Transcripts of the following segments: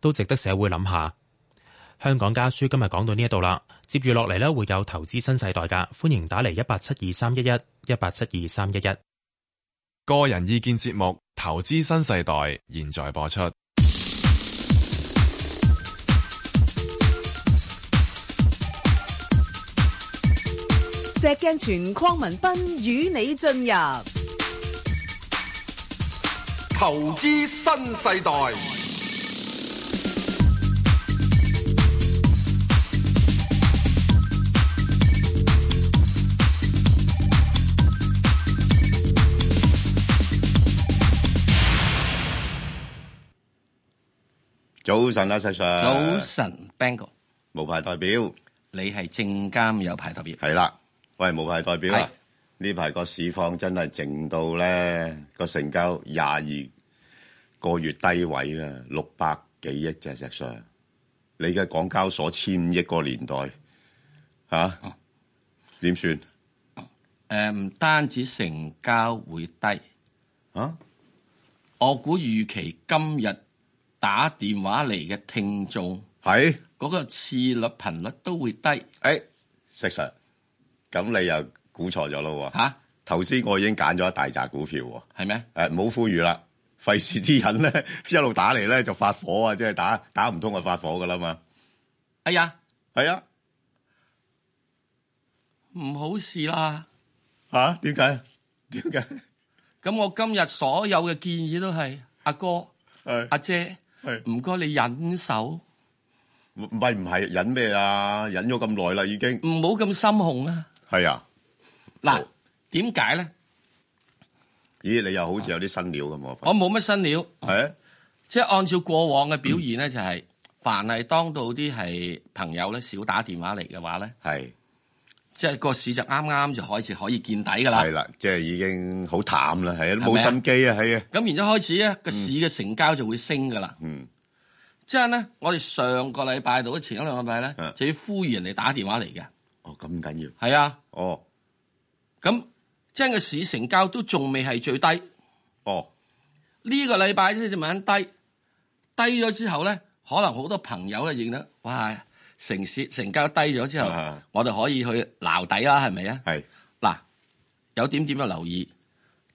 都值得社會諗下。香港家書今日講到呢一度啦，接住落嚟呢會有投資新世代噶，歡迎打嚟一八七二三一一一八七二三一一。個人意見節目《投資新世代》現在播出。石鏡泉、鄺民彬與你進入《投資新世代》。早晨啊，石 Sir 早晨，Bang 哥無牌代表。你係證監有牌代表。係啦，喂，無牌代表啦。呢排個市況真係靜到咧，個成交廿二個月低位啦，六百幾億只石 Sir 你嘅港交所千億個年代，吓、啊，點、啊、算？誒、呃，唔單止成交會低，啊！我估預期今日。打電話嚟嘅聽眾係嗰個次率頻率都會低。誒、欸，石 Sir 咁你又估錯咗咯？吓、啊，頭先我已經揀咗一大紮股票喎。係咩？誒、欸，唔好呼籲啦，費事啲人咧一路打嚟咧就發火啊！即、就、係、是、打打唔通就發火噶啦嘛。哎呀，係啊，唔好事啦。吓？點解？點解？咁我今日所有嘅建議都係阿、啊、哥，阿、啊、姐。係唔該，你忍手？唔係，唔係忍咩啊？忍咗咁耐啦，已經。唔好咁心紅啊！係啊，嗱，點解咧？咦，你又好似有啲新料咁啊？我冇乜新料，係，即係按照過往嘅表現咧，就係凡係當到啲係朋友咧少打電話嚟嘅話咧，係。即係個市就啱啱就開始可以見底㗎啦，係啦，即係已經好淡啦，係冇心機啊，係啊。咁然之後開始咧，個市嘅成交就會升㗎啦。嗯，即係咧，我哋上個禮拜到前一兩個禮拜咧，就要呼籲人哋打電話嚟嘅、哦。哦，咁緊要。係啊。哦。咁，即係個市成交都仲未係最低。哦。呢個禮拜先至慢慢低，低咗之後咧，可能好多朋友咧認得。哇！城市成交低咗之後，啊、我哋可以去撈底啦，係咪啊？係嗱，有點點要留意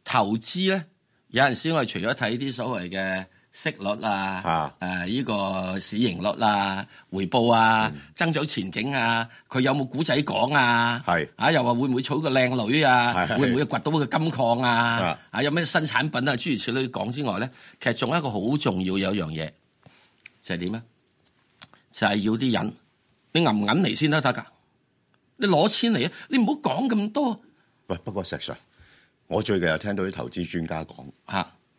投資咧。有陣時我哋除咗睇啲所謂嘅息率啊，呢、啊啊呢個市盈率啊、回報啊、增、嗯、長前景啊，佢有冇古仔講啊？係啊，又話會唔會娶個靚女啊？會唔會掘到個金礦啊？啊，有咩新產品啊？諸如此類講之外咧，其實仲有一個好重要有樣嘢，就係點啊？就係、是、要啲人。你吟銀嚟先啦，大家，你攞錢嚟啊！你唔好講咁多啊。喂，不過石 Sir，我最近又聽到啲投資專家講，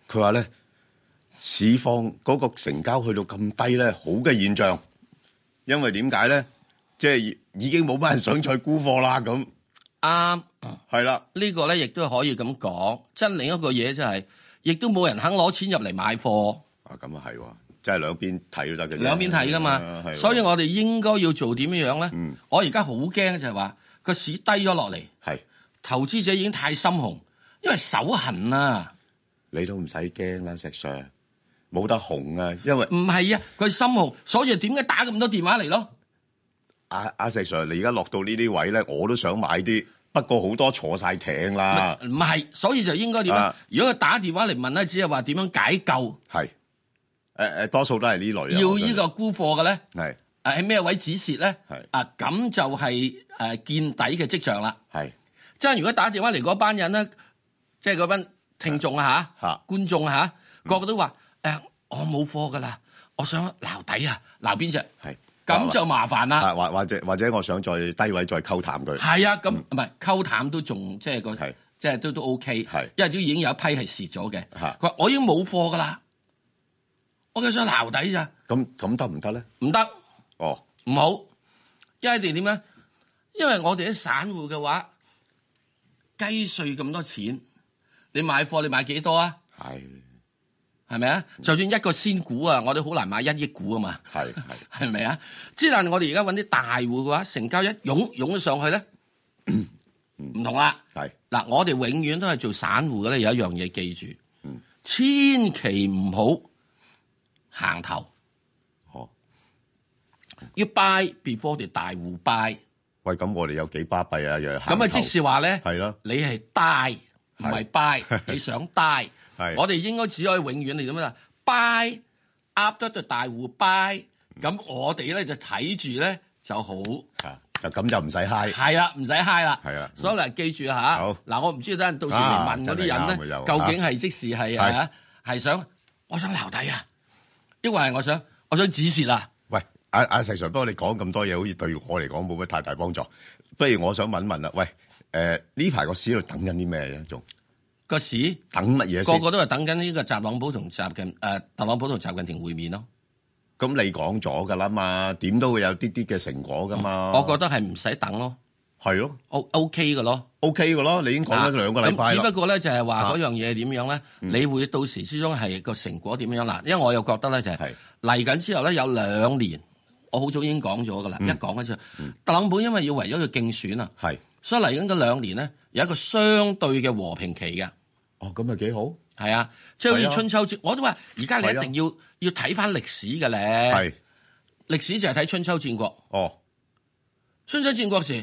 佢話咧市況嗰個成交去到咁低咧，好嘅現象，因為點解咧？即係已經冇乜人想再沽貨啦，咁。啱啊，係啦，呢，啊呢個咧亦都可以咁講。即係另一個嘢就係、是，亦都冇人肯攞錢入嚟買貨。啊，咁啊係喎。即係兩邊睇都得嘅，兩邊睇噶嘛，啊、所以我哋應該要做點樣樣咧？嗯、我而家好驚就係話個市低咗落嚟，係投資者已經太心紅，因為手痕啊！你都唔使驚啦，石 Sir，冇得紅啊，因為唔係啊，佢心紅，所以點解打咁多電話嚟咯？阿、啊、阿石 Sir，你而家落到呢啲位咧，我都想買啲，不過好多坐晒艇啦。唔係，所以就應該點？啊、如果佢打電話嚟問咧，只係話點樣解救？係。誒誒，多數都係呢類啊！要呢個沽貨嘅咧，係誒，喺咩位止蝕咧？係啊，咁就係、是、誒、啊、見底嘅跡象啦。係，即係如果打電話嚟嗰班人咧，即係嗰班聽眾啊吓，觀眾啊吓，個、嗯、個都話誒、啊，我冇貨噶啦，我想撈底啊，撈邊隻？係咁就麻煩啦。或或者或者，或者我想再低位再溝淡佢。係啊，咁唔係溝淡都仲即係個，即、就、係、是就是、都都 OK。係，因為都已經有一批係蝕咗嘅。吓，佢話我已經冇貨噶啦。我嘅想留底咋？咁咁得唔得咧？唔得。哦，唔好，因為你哋點樣？因為我哋啲散戶嘅話，雞碎咁多錢，你買貨你買幾多啊？係，係咪啊？就算一個仙股啊，我哋好難買一億股啊嘛。係係，係咪啊？之但係我哋而家揾啲大戶嘅話，成交一湧湧咗上去咧，唔同啦。係嗱，我哋永遠都係做散戶嘅咧，有一樣嘢，記住，千祈唔好。行頭，好要拜 before the 大戶 buy，喂，咁我哋有幾巴閉啊？又咁啊，即係話咧，係咯，你係 die 唔係拜，你想 die， 我哋應該只可以永遠你咁樣啊，拜 up 咗對大戶 buy，咁我哋咧就睇住咧就好，就咁就唔使 high，係啦，唔使 high 啦，係啦，嗯、所以你記住吓，好嗱，我唔知等陣，到時嚟問嗰啲人咧、啊就是，究竟係即係係吓，係、啊、想我想留底啊。因為我想我想指示啦喂，阿、啊、阿、啊、石 Sir，不過你講咁多嘢，好似對於我嚟講冇乜太大幫助。不如我想問問啦，喂，誒、呃，呢排個市喺度等緊啲咩嘢？仲個市等乜嘢？個個都係等緊呢個特朗普同習近平誒、呃，特朗普同習近平會面咯。咁你講咗噶啦嘛，點都會有啲啲嘅成果噶嘛、嗯。我覺得係唔使等咯。係、OK、咯，O O K 嘅咯，O K 嘅咯，你已經講咗兩個禮拜啦。咁、啊、只不過咧就係話嗰樣嘢點樣咧，你會到時始終係個成果點樣啦，因為我又覺得咧就係嚟緊之後咧有兩年，我好早已經講咗噶啦，一講咗陣，特朗普因為要為咗佢競選啊，係，所以嚟緊嗰兩年咧有一個相對嘅和平期嘅。哦，咁咪幾好。係啊，即係好似春秋戰，我都話而家你一定要要睇翻歷史嘅咧。係，歷史就係睇春秋戰國。哦，春秋戰國時。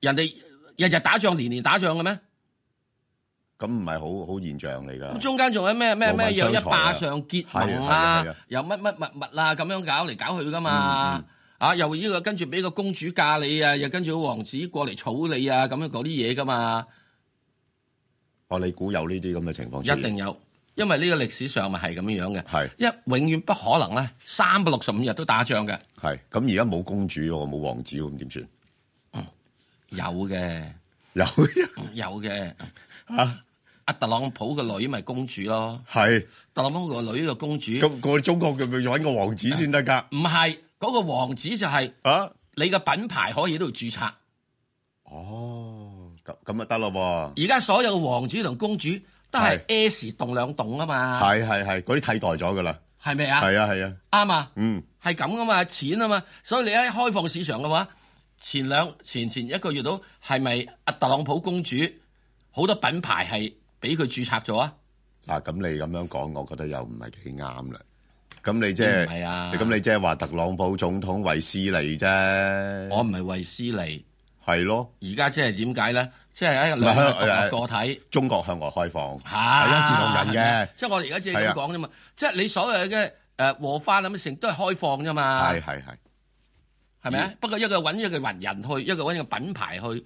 人哋日日打仗，年年打仗嘅咩？咁唔係好好現象嚟噶。咁中間仲有咩咩咩，又一霸上結盟啊，又乜乜物物啊，咁樣搞嚟搞去噶嘛嗯嗯？啊，又呢、這個跟住俾個公主嫁你啊，又跟住個王子過嚟娶你啊，咁樣嗰啲嘢噶嘛？我、啊、你估有呢啲咁嘅情況？一定有，因為呢個歷史上咪係咁樣嘅。係一永遠不可能咧，三百六十五日都打仗嘅。係咁而家冇公主喎，冇王子，咁點算？有嘅， 有有嘅，啊！阿、啊、特朗普嘅女咪公主咯，係特朗普個女個公主，咁我中國嘅咪搵個王子先得噶？唔、啊、係，嗰、那個王子就係啊！你嘅品牌可以喺度註冊，哦，咁咁得咯喎。而家所有嘅王子同公主都係 S 棟兩棟啊嘛，係係係，嗰啲替代咗噶啦，係咪啊？係啊係啊，啱啊，啊，嗯，係咁噶嘛，錢啊嘛，所以你喺開放市場嘅話。前兩前前一個月到係咪阿特朗普公主好多品牌係俾佢註冊咗啊？嗱，咁你咁樣講，我覺得又唔係幾啱啦。咁你即係，咁、啊、你即係話特朗普總統為私利啫。我唔係為私利。係咯。而家即係點解咧？即係喺兩個個體、啊，中國向外開放，係一視同仁嘅。即係我哋而家咁講啫嘛。即係你所謂嘅誒和花咁成都係開放啫嘛。係係係。係咪？不過一個搵一個云人去，一個搵個品牌去，誒，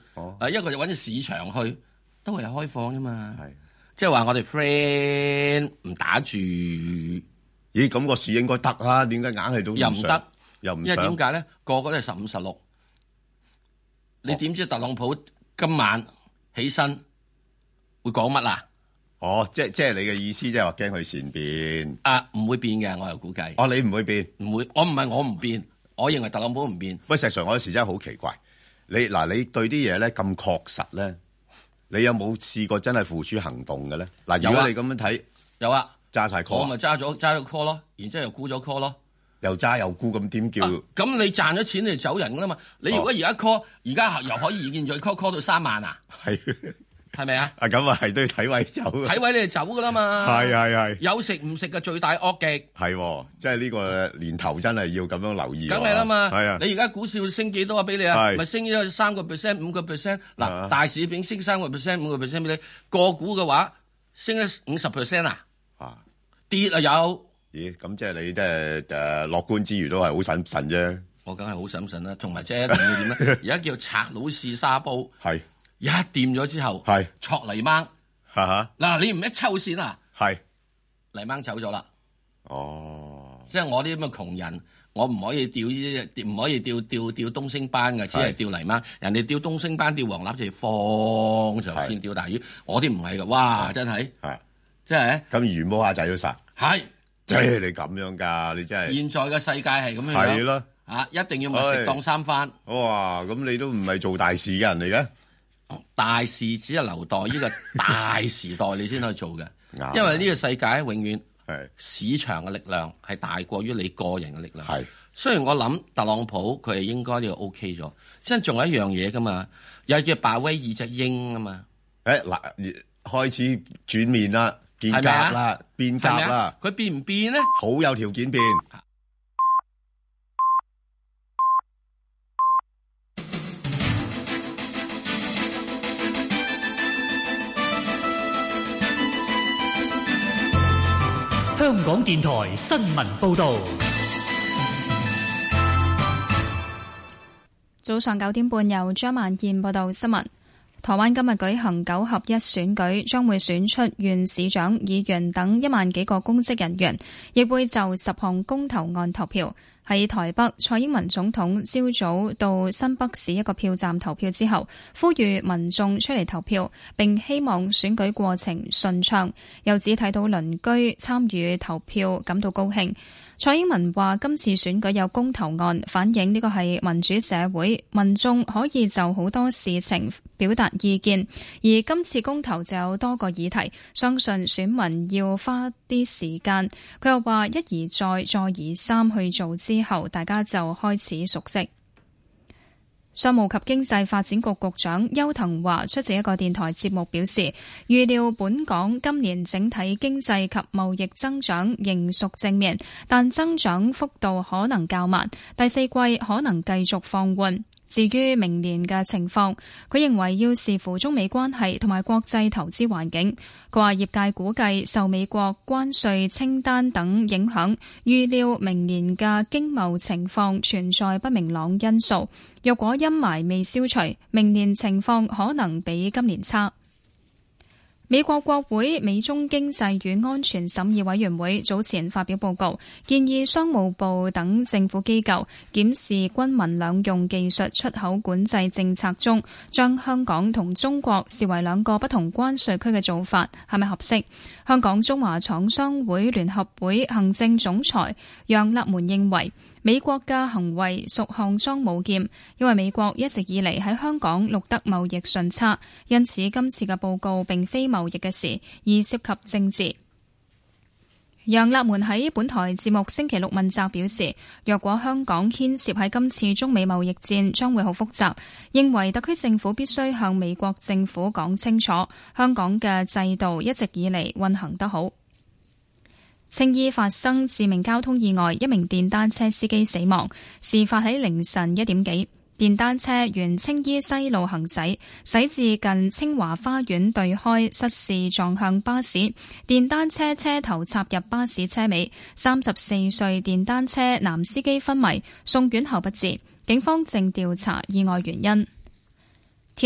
一個就搵個市場去，都係開放㗎嘛。係，即係話我哋 friend 唔打住。咦，咁個市應該得啦？點解硬係都唔上？又唔得，又唔上。因為點解咧？個個都係十五十六。你點知特朗普今晚起身會講乜啊？哦，即係即係你嘅意思，即係話驚佢善變。啊，唔會變嘅，我又估計。哦，你唔會變？唔會，我唔係我唔變。我認為特朗普唔變。喂，石 Sir 我有時真係好奇怪，你嗱你對啲嘢咧咁確實咧，你有冇試過真係付諸行動嘅咧？嗱，如果、啊、你咁樣睇，有啊，揸晒 call，我咪揸咗揸咗 call 咯，然之後又沽咗 call 咯，又揸又沽咁點叫？咁、啊、你賺咗錢你就走人㗎啦嘛？你如果而家 call，而、哦、家又可以現在 call call 到三萬啊？係。 係咪啊？啊咁啊，係都要睇位走，睇位你就走噶啦嘛。係係係，有食唔食嘅罪大惡極。係，即係呢個年頭真係要咁樣留意。梗係啦嘛，係啊。你而家股市會升幾多個升啊？俾你啊，咪升咗三個 percent、五個 percent。嗱，大市已經升三個 percent、五個 percent 俾你？個股嘅話，升咗五十 percent 啊？啊，跌啊有。咦，咁即係你即係誒樂觀之餘都係好審慎啫。我梗係好審慎啦，同埋即係點咧？而家 叫賊佬試沙煲。係。一掂咗之後係戳泥鯭，嚇嚇嗱，你唔一抽線啊？係泥鯭走咗啦。哦，即係我啲咁嘅窮人，我唔可以釣呢隻，唔可以釣釣釣東星斑嘅，只係釣泥鯭。人哋釣東星斑、釣黃鱲就放長線釣，釣大魚，我啲唔係噶。哇，真係，係真係咁魚摸下仔都殺，係即係你咁樣㗎？你真係現在嘅世界係咁樣係咯嚇，一定要物食當三番。哎、哇，咁你都唔係做大事嘅人嚟嘅。.大事只係留待呢、呢個大時代，你先可以做嘅。 因為呢個世界咧，永遠市場嘅力量係大過於你個人嘅力量。係雖然我諗特朗普佢係應該就 O K 咗，先仲有一樣嘢噶嘛，有隻鮑威爾隻鷹啊嘛。誒嗱，開始轉面啦，啊，變格啦，係咪啊，變格啦。佢變唔變咧？好有條件變。香港電台新聞報道，早上九點半由張曼健報道新聞。台灣今日舉行九合一選舉，將會選出縣市長、議員等一萬幾個公職人員，亦會就十項公投案投票。喺台北，蔡英文總統朝早到新北市一個票站投票之後，呼籲民眾出嚟投票，並希望選舉過程順暢，又指睇到鄰居參與投票，感到高興。蔡英文話：今次選舉有公投案，反映呢個係民主社會，民眾可以就好多事情表達意見。而今次公投就有多個議題，相信選民要花啲時間。佢又話：一而再，再而三去做之後，大家就開始熟悉。商務及經濟發展局局長邱騰華出席一個電台節目表示，預料本港今年整體經濟及貿易增長仍屬正面，但增長幅度可能較慢，第四季可能繼續放緩。至於明年嘅情況，佢認為要視乎中美關係同埋國際投資環境。佢話業界估計受美國關稅清單等影響，預料明年嘅經貿情況存在不明朗因素。若果陰霾未消除，明年情況可能比今年差。美國國會美中經濟與安全審議委員會早前發表報告，建議商務部等政府機構檢視軍民兩用技術出口管制政策中，將香港同中國視為兩個不同關稅區嘅做法係咪合適。香港中華廠商會聯合會行政總裁楊立門認為，美國嘅行為屬項莊舞劍，因為美國一直以嚟喺香港錄得貿易順差，因此今次嘅報告並非貿易嘅事而涉及政治，楊立門喺本台節目星期六問責表示，若果香港牽涉喺今次中美貿易戰，將會好複雜。認為特區政府必須向美國政府講清楚，香港嘅制度一直以嚟運行得好。青衣發生致命交通意外，一名電單車司機死亡，事發喺凌晨一點幾。電單車沿青衣西路行駛，駛至近清華花園對開失事撞向巴士，電單車車頭插入巴士車尾。三十四歲電單車男司機昏迷，送院後不治。警方正調查意外原因。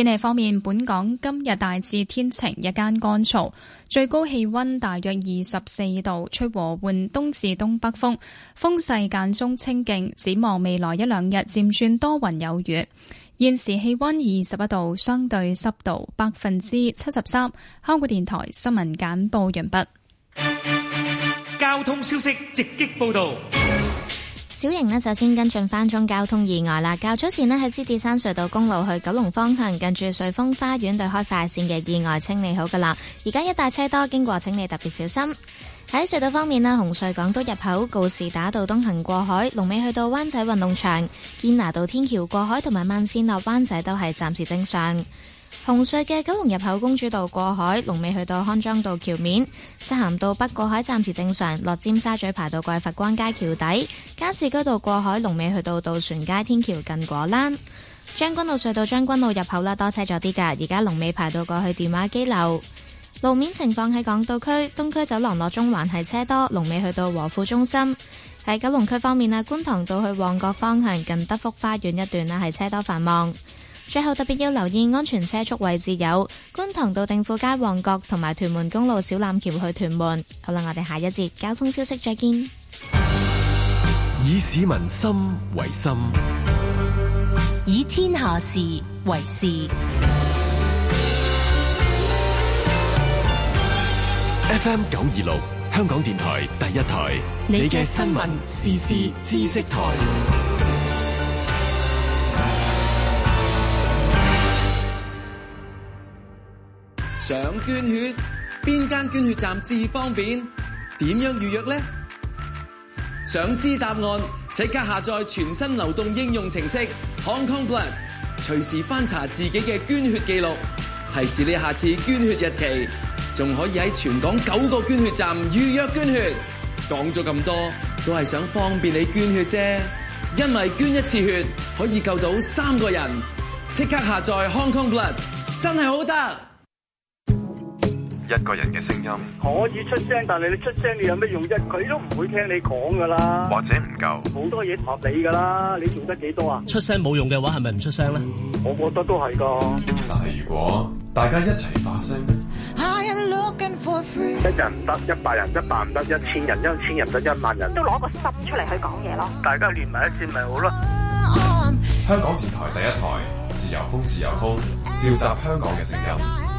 天氣方面，本港今日大致天晴，日間乾燥，最高氣溫大約二十四度，吹和緩東至東北風，風勢間中清勁。展望未來一兩日，漸轉多雲有雨。現時氣溫二十一度，相對濕度百分之七十三。香港電台新聞簡報，完畢。交通消息直擊報道。小型呢，首先跟進翻中交通意外啦。較早前呢，喺獅子山隧道公路去九龍方向，近住瑞豐花園對開快線嘅意外清理好噶啦。而家一帶車多，經過請你特別小心。喺隧道方面呢，紅隧港島入口告士打道東行過海，龍尾去到灣仔運動場，堅拿道天橋過海同埋慢線落灣仔都係暫時正常。紅隧嘅九龍入口公主道過海，龍尾去到康莊道橋面；西行到北過海暫時正常，落尖沙咀排到過去佛光街橋底；加士居道過海龍尾去到渡船街天橋近果欄；將軍澳隧道將軍澳入口啦，多車咗啲噶，而家龍尾排到過去電話機樓。路面情況喺港島區、東區走廊落中環係車多，龍尾去到和富中心。喺九龍區方面啦，觀塘到去旺角方向近德福花園一段啦係車多繁忙。最後特別要留意安全車速位置，有觀塘道定富街旺角、同埋屯門公路小欖橋去屯門。好啦，我哋下一節交通消息再見。以市民心為心，以天下事為事。FM 九二六香港電台第一台，你嘅新聞時事知識台。想捐血，邊間捐血站至方便？點樣預約呢？想知答案，即刻下載全新流動應用程式 Hong Kong Blood，隨時翻查自己嘅捐血記錄，提示你下次捐血日期，仲可以喺全港九個捐血站預約捐血。講咗咁多，都係想方便你捐血啫。因為捐一次血可以救到三個人，即刻下載 Hong Kong Blood，真係好得。一個人嘅聲音可以出聲，但係你出聲你有咩用啫？佢都唔會聽你講噶啦，或者唔夠，好多嘢唔合理噶啦。你做得幾多啊？出聲冇用嘅話，係咪唔出聲咧？我覺得都係噶。但係如果大家一齊發聲，free, 一人唔得一百人，一百唔得一千人，一千人唔得一萬人，都攞個心出嚟去講嘢咯。大家連埋一次咪好咯。Uh, 香港電台第一台，自由風，自由風，召集香港嘅聲音。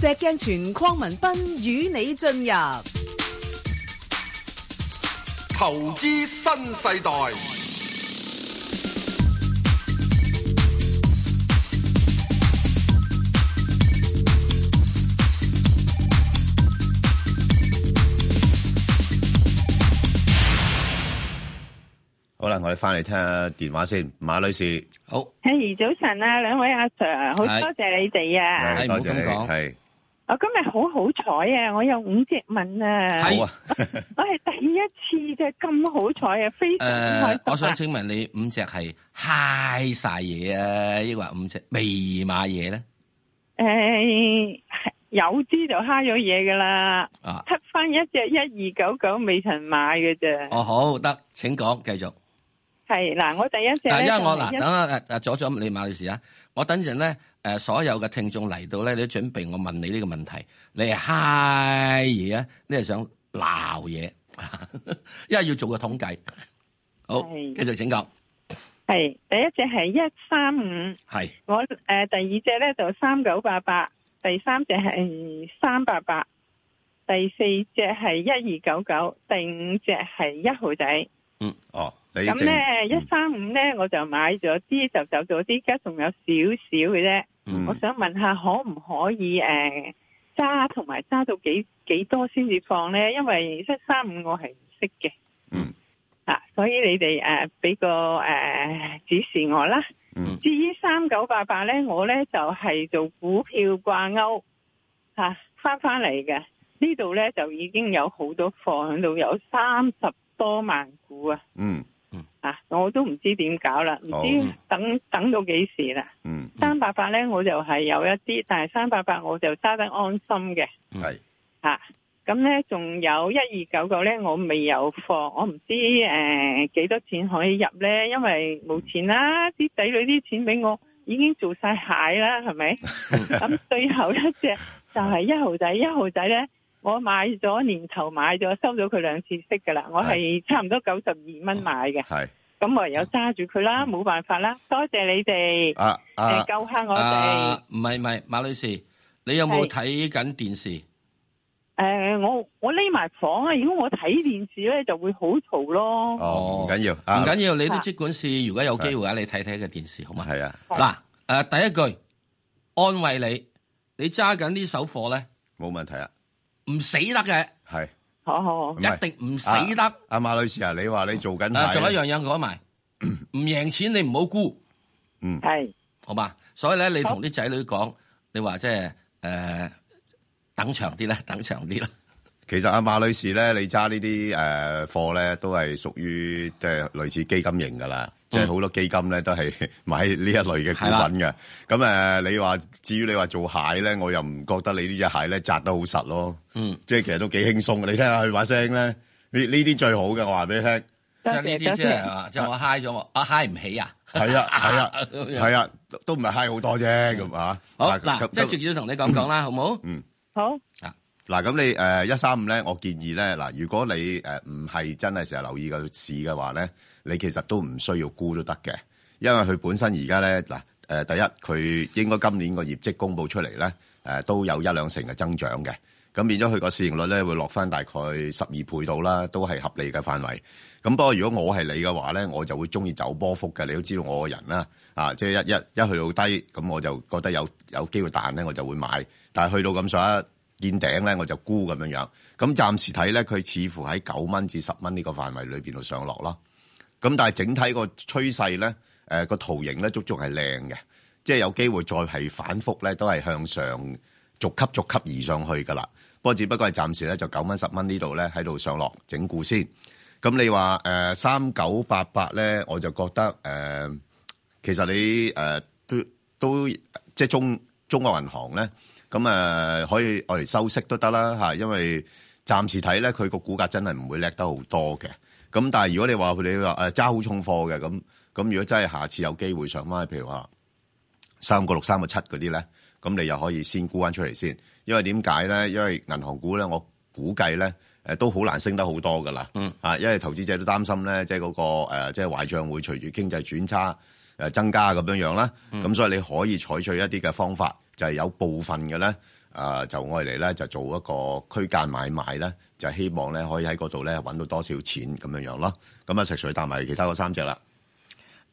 石鏡泉鄺民彬與你進入投資新世代。好啦，我哋翻嚟聽下電話先，馬女士，好，係、hey,，早晨啊，兩位阿 Sir，好多謝、hey. 你哋啊，hey, hey, hey. hey. 多謝你，係、hey. hey.。我今日好好彩啊！我有五隻蚊啊，係 我係第一次嘅咁好彩啊，非常彩、呃、我想請問你五隻係嗨晒嘢啊，抑或五隻未買嘢咧？誒、呃，有啲就嗨咗嘢噶啦，啊，出翻一隻一二九九未曾買嘅啫。哦，好得，請講繼續。係嗱，我第一隻，嗱，因為我嗱，等下誒誒，左左你馬女士啊，我等陣咧。誒，所有嘅聽眾嚟到咧，你都準備我問你呢個問題，你係嗨嘢啊？你係想鬧嘢？因 為要做個統計，好，繼續請講。係第一隻係一三五，係我誒、呃，第二隻咧就三九八八，第三隻係三八八，第四隻係一二九九，第五隻係一號仔。嗯，哦，咁咧一三五咧，我就買咗啲，就走咗啲，而家仲有少少嘅啫。嗯、我想問下可唔可以誒揸同埋揸到幾幾多先至放呢？因為七三五我係唔識嘅，嗯、啊、所以你哋誒俾個誒、呃、指示我啦、嗯。至於三九八八呢，我呢就係、是、做股票掛鈎吓翻翻嚟嘅，呢、啊、度呢，就已經有好多貨喺度，有三十多萬股啊。嗯。啊！我都唔知點搞啦，唔知等、oh. 等，等到幾時啦。三八八咧，我就係有一啲，但係三八八我就揸得安心嘅。係、mm -hmm. 啊，吓咁咧，仲有一二九九咧，我未有貨，我唔知誒幾、呃、多錢可以入咧，因為冇錢啦，啲仔女啲錢俾我已經做晒蟹啦，係咪？咁 最後一隻就係一號仔，一號仔咧。我買咗年頭，買咗收咗佢兩次息噶啦。我係差唔多九十二蚊買嘅。係咁我有揸住佢啦，冇辦法啦。多謝你哋，誒、啊啊欸、救下我哋。唔係唔係，馬女士，你有冇睇緊電視？誒、呃，我我匿埋房啊。如果我睇電視咧，就會好嘈咯。哦，唔緊要，唔緊要。你都即管試。如果有機會看看啊，你睇睇個電視好嘛？係啊。嗱，誒，第一句安慰你，你揸緊呢手貨咧，冇問題啊。唔死得嘅。係，好好好，一定唔死得。阿馬女士啊，你話你做緊係，仲有一樣嘢講埋，唔贏錢你唔好沽，嗯，係，好嘛？所以咧，你同啲仔女講，你話即係誒等長啲咧，等長啲啦。其實阿馬女士咧，你揸呢啲誒貨咧，都係屬於即係類似基金型噶啦。嗯、即係好多基金咧，都係買呢一類嘅股份嘅。咁誒、呃，你話至於你話做蟹咧，我又唔覺得你隻呢隻蟹咧紮得好實咯。嗯，即係其實都幾輕鬆。你聽下佢把聲咧，呢呢啲最好嘅，我話俾你聽。即係呢啲，即係即我嗨咗我，啊、我嗨唔起啊？係啊，係啊，係 啊，啊，都唔係嗨好多啫。咁、嗯、啊，好嗱，即係直接同你咁講啦，好冇？嗯，好嗱。咁你誒一三五咧，我建議咧嗱，如果你唔係、uh, 真係成日留意個市嘅話咧。呢你其實都唔需要估都得嘅，因為佢本身而家咧嗱，誒，第一佢應該今年個業績公布出嚟咧，誒都有一兩成嘅增長嘅，咁變咗佢個市盈率咧會落翻大概十二倍到啦，都係合理嘅範圍。咁不過如果我係你嘅話咧，我就會中意走波幅嘅。你都知道我個人啦，啊，即係一一一去到低咁，我就覺得有有機會彈咧，我就會買。但係去到咁上見頂咧，我就估咁樣樣。咁暫時睇咧，佢似乎喺九蚊至十蚊呢個範圍裏面度上落咯。咁但係整體個趨勢咧，誒個圖形咧足足係靚嘅，即係有機會再係反覆咧，都係向上逐級逐級移上去㗎啦。不過只不過係暫時咧，就九蚊十蚊呢度咧喺度上落整固先。咁你話誒三九八八咧，我就覺得誒、呃、其實你誒、呃、都都即係中中國銀行咧，咁、呃、啊可以我哋收息都得啦嚇，因為暫時睇咧佢個股價真係唔會叻得好多嘅。咁但係如果你話佢哋話誒揸好重貨嘅咁咁，如果真係下次有機會上翻，譬如話三個六、三個七嗰啲咧，咁你又可以先沽翻出嚟先。因為點解咧？因為銀行股咧，我估計咧誒都好難升得好多噶啦。嗯。啊，因為投資者都擔心咧，即係嗰個誒，即係壞帳會隨住經濟轉差誒增加咁樣樣啦。咁、嗯、所以你可以採取一啲嘅方法，就係、是、有部分嘅咧誒，就愛嚟咧，就做一個區間買賣咧。就是、希望咧，可以喺嗰度咧揾到多少錢咁樣樣咯。咁啊，實在搭埋其他嗰三隻啦。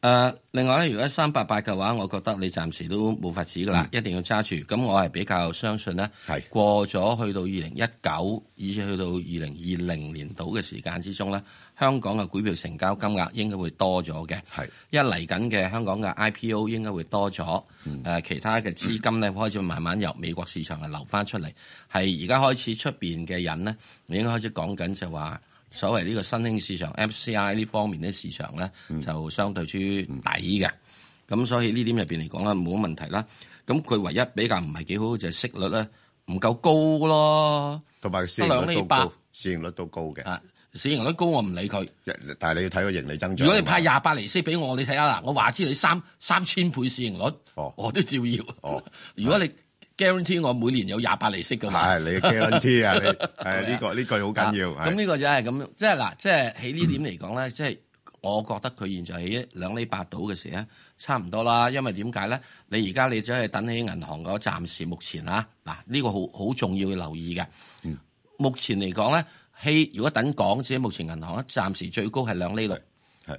誒、呃，另外咧，如果三八八嘅話，我覺得你暫時都冇法子噶啦，一定要揸住。咁我係比較相信咧，過咗去到二零一九，以至去到二零二零年度嘅時間之中咧，香港嘅股票成交金額應該會多咗嘅。係，一嚟緊嘅香港嘅 I P O 應該會多咗。誒、嗯呃，其他嘅資金咧開始慢慢由美國市場係流翻出嚟，係而家開始出邊嘅人咧你應該開始講緊就話。所謂呢個新興市場 MCI 呢方面嘅市場咧、嗯，就相對於抵嘅。咁、嗯、所以呢點入面嚟講咧，冇問題啦。咁佢唯一比較唔係幾好就係、是、息率咧唔夠高咯。同埋市，市盈率都高，市盈率都高嘅、啊。市盈率高我唔理佢。但係你要睇個盈利增長。如果你派廿八厘息俾我，啊、你睇下啦，我話知你三三千倍市盈率，哦、我都照要。哦、 如果你 guarantee 我每年有廿八利息㗎嘛，係，你 guarantee 啊？你係呢個呢句好緊要。咁呢個就係咁樣，即係嗱，即係喺呢點嚟講咧、嗯，即係我覺得佢現在喺兩厘八到嘅時咧，差唔多啦。因為點解咧？你而家你只係等起銀行嗰暫時目前啊，嗱、這、呢個好好重要要留意嘅、嗯。目前嚟講咧，如果等港紙目前銀行咧暫時最高係兩厘六，係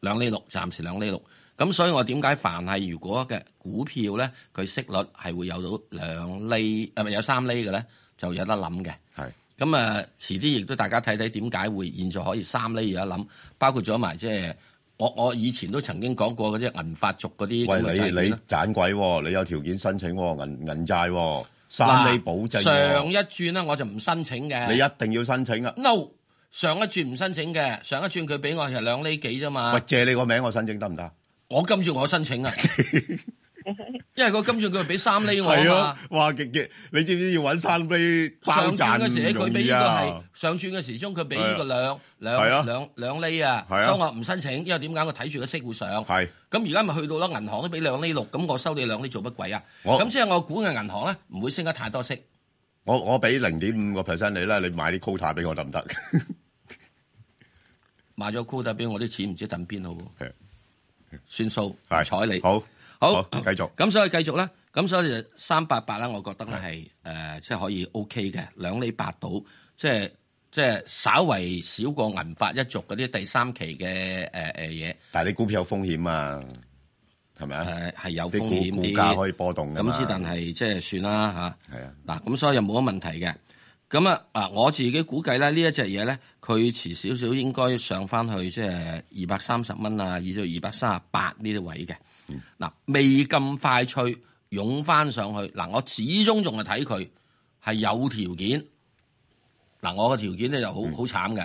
兩厘六，暫時兩厘六。咁所以我點解凡係如果嘅股票咧，佢息率係會有到兩厘，誒咪有三厘嘅咧，就有得諗嘅。係咁誒，遲啲亦都大家睇睇點解會現在可以三厘而家諗，包括咗埋即係我我以前都曾經講過嗰啲、就是、銀發族嗰啲。喂，你你盞鬼喎？你有條件申請喎、啊啊？銀銀債喎、啊？三厘保證喎、啊？上一轉咧，我就唔申請嘅。你一定要申請啊？No，上一轉唔申請嘅，上一轉佢俾我係兩厘幾啫嘛。喂，借你個名我申請得唔得？我跟住我申請啊，因為個金主佢俾三厘我 啊。哇！極極，你知唔知要揾三厘上賺嗰時咧？佢俾呢個係上轉嘅時鐘，佢俾呢個兩兩兩兩厘啊，啊，所以我唔申請。因為點解？我睇住個息會上，咁而家咪去到咯，銀行都俾兩厘六，咁我收你兩厘做乜鬼啊？咁即係我估嘅銀行咧，唔會升得太多息。我我俾零點五個 percent 你啦，你買啲 quota 俾我得唔得？行行 買咗 quota 俾我啲錢唔知等邊好。Okay. 算數，係彩你，好，好，繼續。咁所以繼續咧，咁所以就三八八啦，我覺得係誒，即係、呃就是、可以 O K 嘅，兩厘八到，即係即係稍為少過銀髮一族嗰啲第三期嘅誒誒嘢。但係你股票有風險啊，係咪啊？誒、呃，係有風險啲，啲股價可以波動嘅嘛，咁之但係即係算啦吓。係啊。嗱、啊，咁所以又冇乜問題嘅。咁啊啊，我自己估計咧、這個、呢一隻嘢咧。佢遲少少應該上翻去，即係二百三十蚊啊，二至二百三十八呢啲位嘅。嗱、嗯，未咁快脆湧翻上去。嗱，我始終仲係睇佢係有條件。嗱，我個條件咧就好好慘嘅，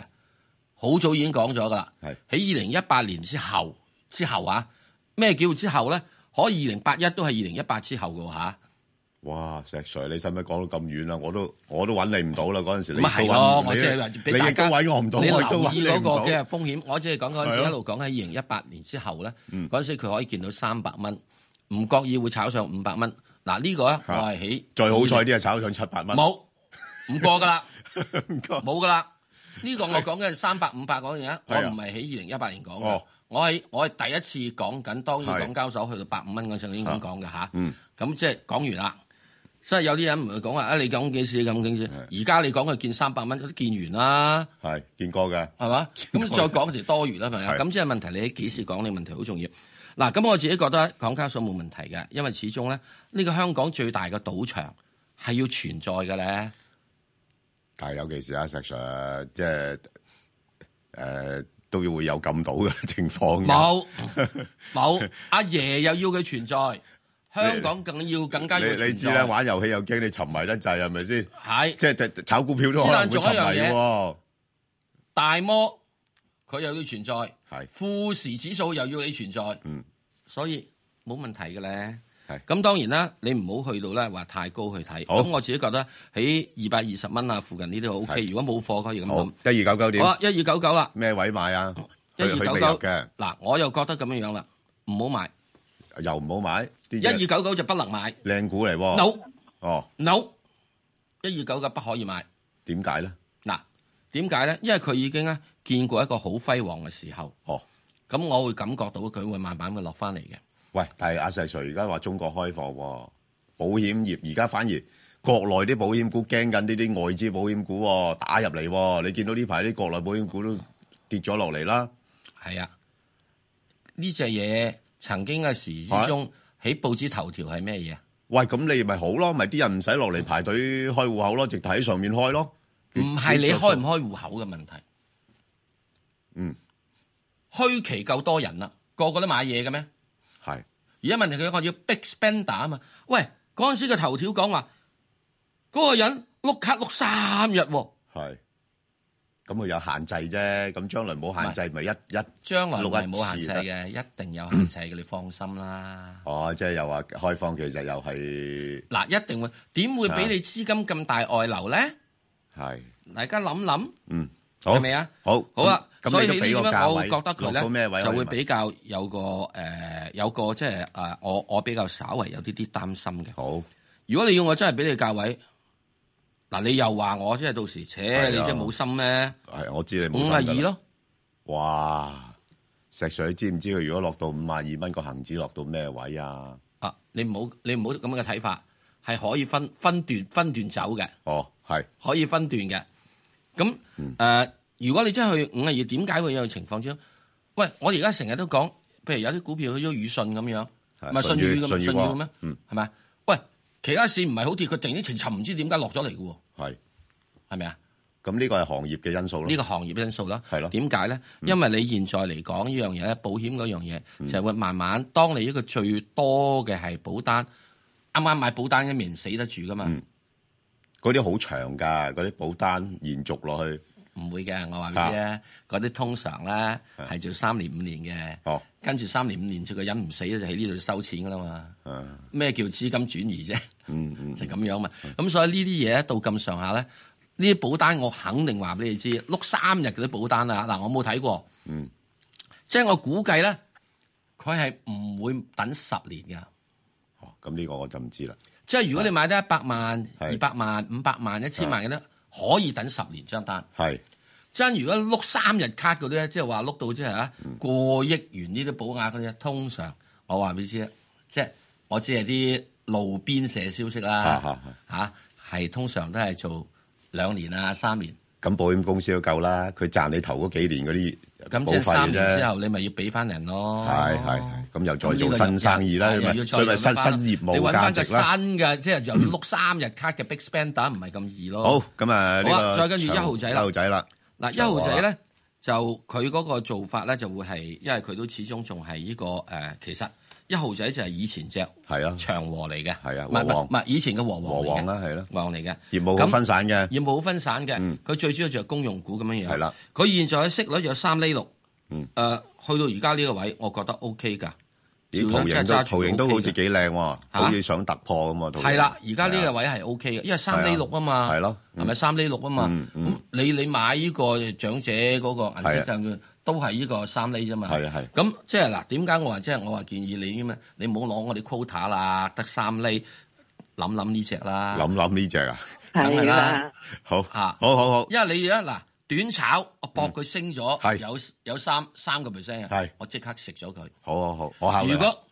好、嗯、早已經講咗噶啦。喺二零一八年之後之後啊，咩叫之後咧？可二零八一都係二零一八之後嘅嚇。哇！石 Sir，你使唔使講到咁遠啦？我都我都揾你唔到啦嗰陣時你也也、啊我只，你都揾唔到。你亦都揾我唔到。你留意嗰個即係風險，我，險我，我只係講嗰陣時、啊、一路講喺二零一八年之後咧。嗰、嗯、陣時佢可以見到三百蚊，唔覺意會炒上五百蚊。嗱、啊、呢、呢個咧、啊啊、我係起最、啊、最好彩啲啊，炒上七百蚊。冇，唔過噶啦，冇噶啦。呢、呢個我講嘅係三百五百嗰樣，我唔係喺二零一八年講、啊。我係我係第一次講緊，當日港交所去到百五蚊嗰陣已經講嘅吓，咁即係講完啦。啊嗯即係有啲人唔會講話，啊你講幾時？你講幾時？而家你講佢見三百蚊，都見完啦。係見過嘅，係嘛？咁再講時多餘啦，朋友。咁即係問題，你幾時講？你問題好重要。嗱、啊，咁我自己覺得港交所冇問題嘅，因為始終咧，呢、這個香港最大嘅賭場係要存在嘅咧。但係尤其是阿石 Sir，即係誒、呃、都要會有禁賭嘅情況。冇冇，阿、 啊、爺又要佢存在。香港更要更加要。你你，你知啦，玩遊戲又驚你沉迷得滯，係咪先？係。即係炒股票都好難做一樣嘢喎。大摩佢又要存在，係富時指數又要你存在，嗯，所以冇問題嘅咧。咁當然啦，你唔好去到咧話太高去睇。咁我自己覺得喺二百二十蚊啊附近呢啲 OK。如果冇貨可以咁講。一二九九點。一二九九啦。咩位買啊？一二九九嘅。嗱，我又覺得咁樣樣啦，唔好買，又唔好買。一二九九就不能買靚股嚟，no 哦，no 一二九九不可以買，點解咧？嗱，點解咧？因為佢已經咧見過一個好輝煌嘅時候，哦，咁我會感覺到佢會慢慢嘅落翻嚟嘅。喂，但係阿石 Sir 而家話中國開放喎，保險業而家反而國內啲保險股驚緊呢啲外資保險股喎，打入嚟，你見到呢排啲國內保險股都跌咗落嚟啦。係啊，呢隻嘢曾經一時之中。喺報紙頭條係咩嘢啊？喂，咁你咪好咯，咪啲人唔使落嚟排隊開戶口咯，直睇喺上面開咯。唔係你開唔開戶口嘅問題。嗯，虛期夠多人啦，個個都買嘢嘅咩？係。而家問題佢個叫 Big Spender 啊嘛。喂，嗰陣時個頭條講話嗰個人碌卡碌三日，啊。係。咁佢有限制啫，咁將來冇限制咪一一將來冇限制嘅，一定有限制嘅，你放心啦。哦，即係又話開放，其實又係嗱，一定會點會俾你資金咁大外流咧？係大家諗諗，嗯，好係咪啊？好，好啊。咁所以喺呢啲，我會覺得佢咧就會比較有個誒，有個即係誒，我我比較稍微有啲啲擔心嘅。好，如果你要我真係俾你價位。嗱，你又話我即係到時，扯，你真係冇心咩？係，我知你冇心。五廿二咯，哇！石水，你知唔知佢如果落到五廿二蚊，個恒指落到咩位啊？啊，你唔好，你唔好咁嘅睇法，係可以分分段、分段走嘅。哦，係可以分段嘅。咁誒、嗯呃，如果你真係去五廿二，點解會有情況將？喂，我而家成日都講，譬如有啲股票去咗宇信咁樣，唔係信宇咁樣咩？係、嗯、咪？喂！其他市唔係好跌，佢突啲情緒唔知點解落咗嚟嘅喎。係，係咪啊？咁呢個係行業嘅因素咧。呢、這個行業因素啦，係咯。點解咧？因為你現在嚟講呢樣嘢咧，保險嗰樣嘢就係、是、會慢慢，當你一個最多嘅係保單，啱啱買保單嘅人死得住噶嘛。嗰啲好長噶，嗰啲保單延續落去。唔會嘅，我話俾你知。嗰、啊、啲通常咧係做三年五年嘅、哦，跟住三年五年，即果人唔死咧、啊嗯嗯，就喺呢度收錢噶啦嘛。咩叫資金轉移啫？就咁樣嘛。咁、嗯、所以呢啲嘢到咁上下咧，呢啲保單我肯定話俾你知，碌三日嘅啲保單啊，嗱我冇睇過。嗯、即、就、係、是、我估計咧，佢係唔會等十年嘅。哦、嗯、咁、嗯、呢個我就唔知啦。即、就、係、是、如果你買得一百萬、二百萬、五百萬、一千萬嘅咧。可以等十年張單，係真。如果碌三日卡嗰啲咧，即係話碌到即係啊過億元呢啲保額嗰啲、嗯，通常我話俾你知，即、就、係、是、我知係啲路邊社消息啦嚇，係、啊啊啊、通常都係做兩年啊三年，咁保險公司都夠啦，佢賺你頭嗰幾年嗰啲。咁即係三日之後，你咪要俾翻人咯。係係係，咁又再做新生意啦，所以咪新新業務價值啦。你搵返隻新嘅即係又碌三日卡嘅 Big Spender 唔係咁易咯。好，咁啊呢個再跟住一號仔啦，一號仔啦。嗱，一號仔咧就佢嗰個做法咧就會係，因為佢都始終仲係呢個誒，其實。一號仔就係以前隻長和嚟嘅，係啊，唔唔、啊、以前嘅和和、啊，嚟嘅啦，係咯，黃嚟嘅業務分散嘅，業務好分散嘅，佢、嗯、最主要就係公用股咁樣嘢。啦、啊，佢現在嘅息率有三厘六、嗯，嗯、呃，去到而家呢個位，我覺得 OK 㗎。圖、OK、形圖圖形都好似幾靚喎，好似想突破咁嘛。係啦，而家呢個位係 OK 嘅，因為三厘六啊嘛，係咯、啊，係咪三厘六啊嘛？咁、嗯嗯、你你買呢個長者嗰個銀色陣都係呢個三厘啫嘛。係啊係。咁即係嗱，點解、即係、我話即係我話建議你咁啊？你唔好攞我哋 quota 啦，得三厘，諗諗呢隻啦。諗諗呢隻啊，梗係啦。好好好好，好。因為你而家嗱，短炒我搏佢升咗、嗯，有有三三個 percent 啊。我即刻食咗佢。好好好，我考慮。如果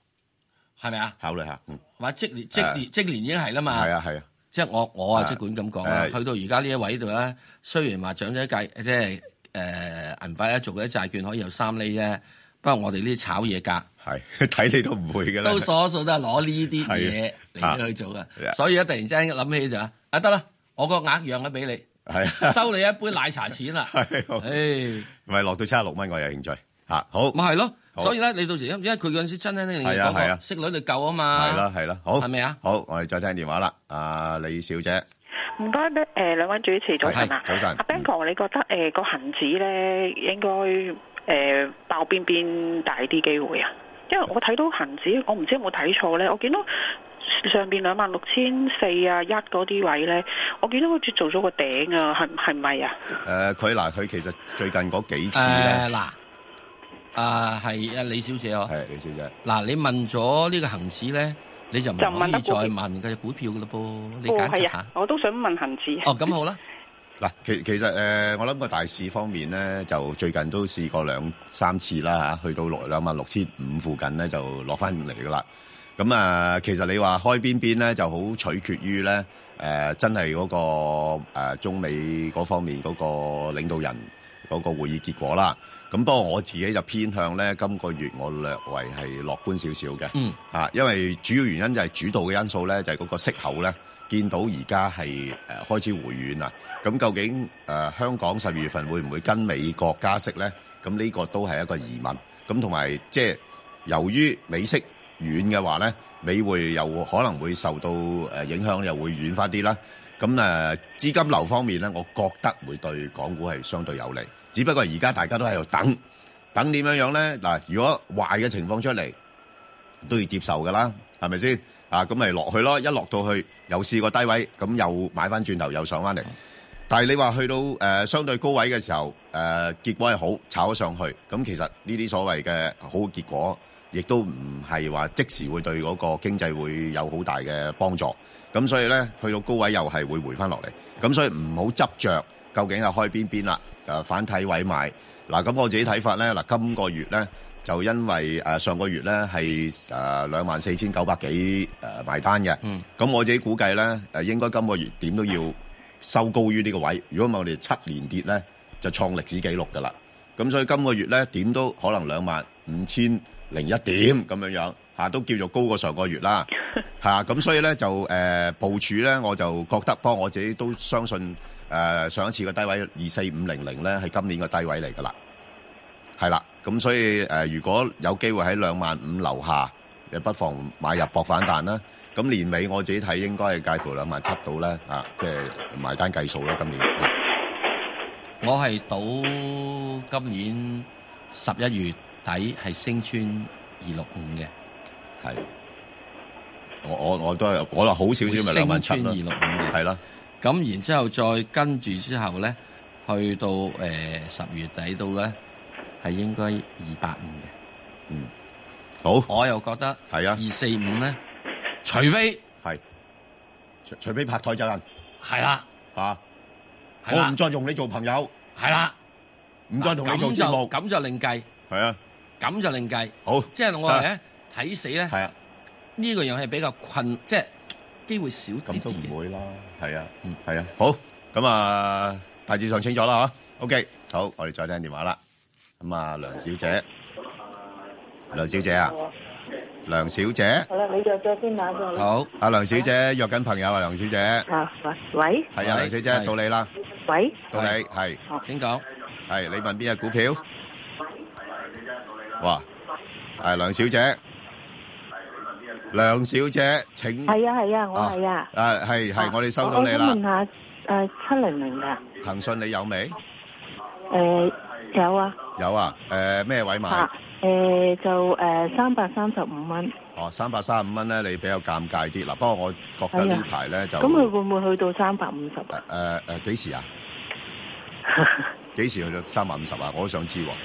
係咪啊？考慮下。或、嗯、即年即年、uh, 即年即年已經係啦嘛。係啊係啊。即係、啊即係、我我啊、uh, 即管咁講啊，uh, 去到而家呢一位度咧，雖然話長咗一屆，即係。即係誒、呃、銀髮一族嘅啲債券可以有三厘啫，不過我哋呢啲炒嘢噶，係睇你都唔會㗎啦，都所數，數都係攞呢啲嘢嚟去做㗎、啊啊啊，所以一突然之間諗起就啊，得啦，我個額讓咗俾你、啊，收你一杯奶茶錢啦，誒、啊，唔、哎、係、啊、落到七十六蚊，我有興趣嚇，好，咪係咯，所以咧，你到時因為為佢嗰陣時真係呢樣嘢，息率就夠啊嘛，係啦係啦好，係咪啊？好，我哋再聽電話啦，啊，李小姐。唔該咧，誒、呃，兩位主持早晨，啊，阿 Ben 哥，嗯，你覺得誒、呃那個恒指咧，應該誒、呃、爆邊邊大啲機會啊？因為我睇到恒指，我唔知有冇睇錯咧，我見到上邊兩萬六千四啊一嗰啲位咧，我見到好似做咗個頂啊，係係咪啊？誒、呃，佢嗱佢其實最近嗰幾次咧，嗱、呃，啊係阿李小姐哦，係李小姐。嗱、呃，你問咗呢個恒指咧？你就唔可以再問嘅股票嘅喇噃，你解釋下。我都想問恆指。哦，咁好啦。嗱，其其實誒，我諗個大市方面咧，就最近都試過兩三次啦吓，去到落兩萬六千五附近咧，就攞翻嚟噶啦。咁啊，其實你話開邊邊咧，就好取決於咧誒，真係嗰個誒中美嗰方面嗰個領導人嗰個會議結果啦。咁不過我自己就偏向咧，今個月我略為係樂觀少少嘅，啊，因為主要原因就係主導嘅因素咧，就係、是、嗰個息口咧，見到而家係誒開始回軟啦。咁究竟誒、呃、香港十二月份會唔會跟美國加息咧？咁呢個都係一個疑問。咁同埋即係由於美息軟嘅話咧，美匯又可能會受到誒影響，又會軟翻啲啦。咁誒、呃、資金流方面咧，我覺得會對港股係相對有利，只不過而家大家都喺度等，等點樣樣呢？嗱，如果壞嘅情況出嚟，都要接受噶啦，係咪先？啊，咁咪落去咯，一落到去又試過低位，咁又買翻轉頭又上翻嚟。但係你話去到誒、呃、相對高位嘅時候，誒、呃、結果係好炒咗上去，咁其實呢啲所謂嘅好結果，亦都唔係話即時會對嗰個經濟會有好大嘅幫助。咁所以呢，去到高位又係會回翻落嚟。咁所以唔好執着，究竟係開邊邊啦。誒反體位賣，嗱，咁我自己睇法咧，嗱今個月咧就因為誒、呃、上個月咧係誒兩萬四千九百幾誒埋單嘅。咁、嗯、我自己估計咧誒應該今個月點都要收高於呢個位，如果唔係我哋七連跌咧就創歷史紀錄㗎啦。咁所以今個月咧點都可能兩萬五千零一點咁樣樣、啊、都叫做高過上個月啦吓咁、 啊、所以咧就誒、呃、部署咧，我就覺得，不過我自己都相信。誒、呃，上一次個低位二四五零零咧，係今年個低位嚟噶啦，係啦。咁所以誒、呃，如果有機會喺兩萬五樓下，也不妨買入博反彈啦。咁年尾我自己睇，應該係介乎兩萬七度啦，啊，即係埋單計數啦。今年吓我係賭今年十一月底係升穿二六五嘅，係。我我我都係，我話好少少咪兩萬七咯，係啦。咁然之後再跟住之後咧，去到、呃、十月底到咧，係應該二百五嘅。嗯，好。我又覺得係啊，二四五咧，除非係，除除非拍台責人係啦。啊，啊我唔再用你做朋友。係啦、啊，唔再同你、啊、做節目。咁就另計。係啊。咁就另計。好。即係我哋睇死咧。係啊。呢啊、呢個樣係比較困，即係。機會少啲嘅，咁都唔會啦，係啊，嗯，係啊，好，咁啊，大致上清楚啦，吓，OK，好，我哋再聽電話啦，咁啊，梁小姐，梁小姐啊，梁小姐，好啦，你就再先打過，好，阿梁小姐約緊朋友啊，梁小姐，啊，喂，喂，係啊，梁小姐到你啦，喂，到你，係，哦，請講，係，你問邊隻股票？哇，係梁小姐。梁小姐，請，係啊係啊，我係啊，誒係係，我哋收到你啦。我想問下，誒七零零嘅騰訊你有未？誒、呃、有啊，有啊，誒、呃、咩位置買？誒、啊呃、就誒三百三十五蚊。哦，三百三十五蚊咧，你比較尷尬啲嗱。不過我覺得呢排咧就咁，佢、嗯呃、會唔會去到三百五十啊？誒、呃、誒，幾、呃、時啊？幾 時去到三百五十啊？我都想知喎、啊。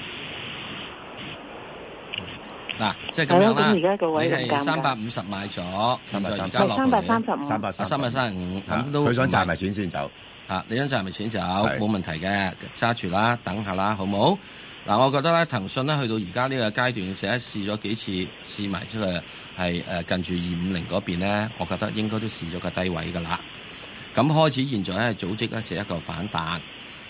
嗱、啊，即係咁樣啦。你係三百五十買咗，三百三落咗，三百三十五，三百三十五。咁、啊、都佢想賺埋錢先走、啊、你想賺埋錢走冇問題嘅揸住啦，等下啦，好唔好？嗱、啊，我覺得咧，騰訊咧去到而家呢個階段，成日試咗幾次試埋出嚟，係、啊、近住二五零嗰邊咧，我覺得應該都試咗個低位㗎喇。咁開始現在咧組織咧就一個反彈，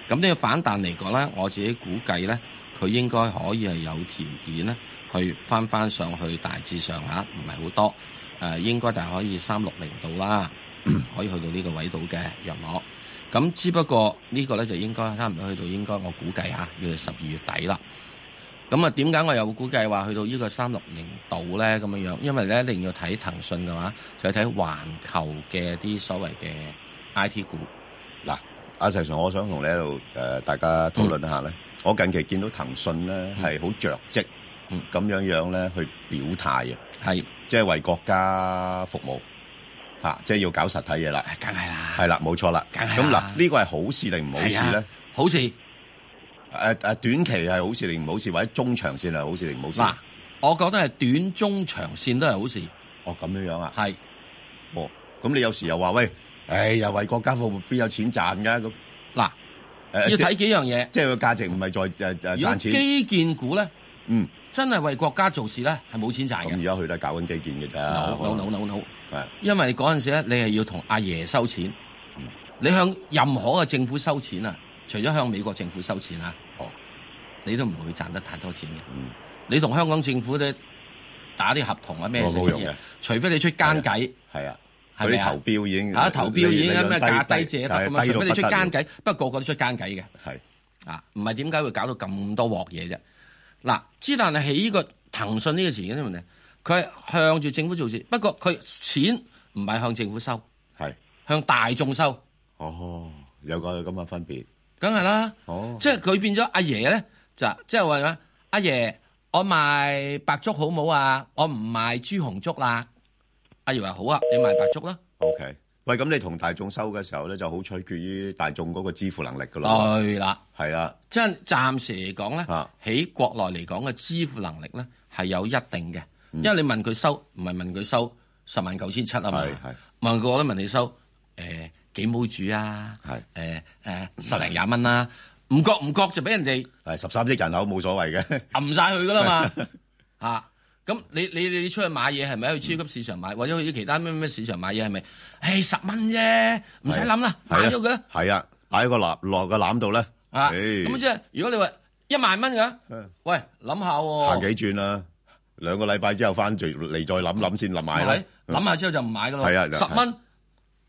咁呢個反彈嚟講咧，我自己估計咧，佢應該可以係有條件咧。去翻翻上去大致上下唔係好多，誒、啊、應該就係可以三六零度啦， 可以去到呢個位度嘅入我咁，只不過呢個咧就應該差唔多去到應該我估計下要十二月底啦。咁啊點解我又估計話去到個360呢個三六零度咧咁樣樣因為，咧一定要睇騰訊嘅話，就要睇環球嘅啲所謂嘅 I T 股嗱。阿齊祥，我想同你喺度誒大家討論一下咧、嗯。我近期見到騰訊咧係好着跡。咁、嗯、樣樣咧，去表態啊！係，即係為國家服務，吓，即係要搞實體嘢啦，梗係啦，係啦，冇錯啦，梗係咁嗱，呢個係好事定唔好事咧、啊？好事。誒誒，短期係好事定唔好事，或者中長線係好事定唔好事？嗱，我覺得係短、中、長線都係好事。哦，咁樣樣啊？係。哦，咁你有時又話喂，哎呀，為國家服務，邊有錢賺噶？嗱，要睇幾樣嘢，即係個價值唔係在誒誒，如果基建股咧，嗯。真係為國家做事咧，係冇錢賺嘅。咁而家去得搞緊基建嘅咋？No，no，no，no，no。係，因為嗰陣時咧，你係要同阿爺收錢、嗯。你向任何嘅政府收錢啊，除咗向美國政府收錢啦、哦，你都唔會賺得太多錢嘅、嗯。你同香港政府咧打啲合同啊，咩嘢嘅？除非你出奸計，係啊，佢投標已經吓投標已經咩價低者得啊，低得。除非你出奸計、啊，不過個個都出奸計嘅。係啊，唔係點解會搞到咁多鑊嘢啫？嗱，之但係起呢個騰訊呢個詞嘅問題，佢係向住政府做事，不過佢錢唔係向政府收，係向大眾收。哦，有個咁嘅分別。梗係啦，哦，即係佢變咗阿爺咧，就即係話咩？阿爺，我賣白粥好唔好啊？我唔賣豬紅粥啦。阿爺話好啊，你賣白粥啦。OK。係咁，你同大眾收嘅時候咧，就好取決於大眾嗰個支付能力噶啦。對啦，係啦，即係暫時嚟講咧，喺國內嚟講嘅支付能力咧，係有一定嘅。因為你問佢收，唔係問佢收十萬九千七啊嘛？係係問佢我都問你收，誒幾毫主啊？係誒誒十零廿蚊啦，唔覺唔覺就俾人哋係十三億人口冇所謂嘅，撳晒去噶啦嘛？啊，咁你你你出去買嘢係咪去超級市場買，或者去啲其他咩咩市場買嘢係咪？誒、欸，十蚊啫，唔使諗啦，買咗佢。係啊，擺喺個籃落個籃度咧。咁即係，如果你話一萬蚊嘅、啊，喂，諗下喎、啊。行幾轉啦、啊，兩個禮拜之後翻住嚟再諗諗先，諗埋啦。諗下、啊、之後就唔買噶啦。係啊,啊，十蚊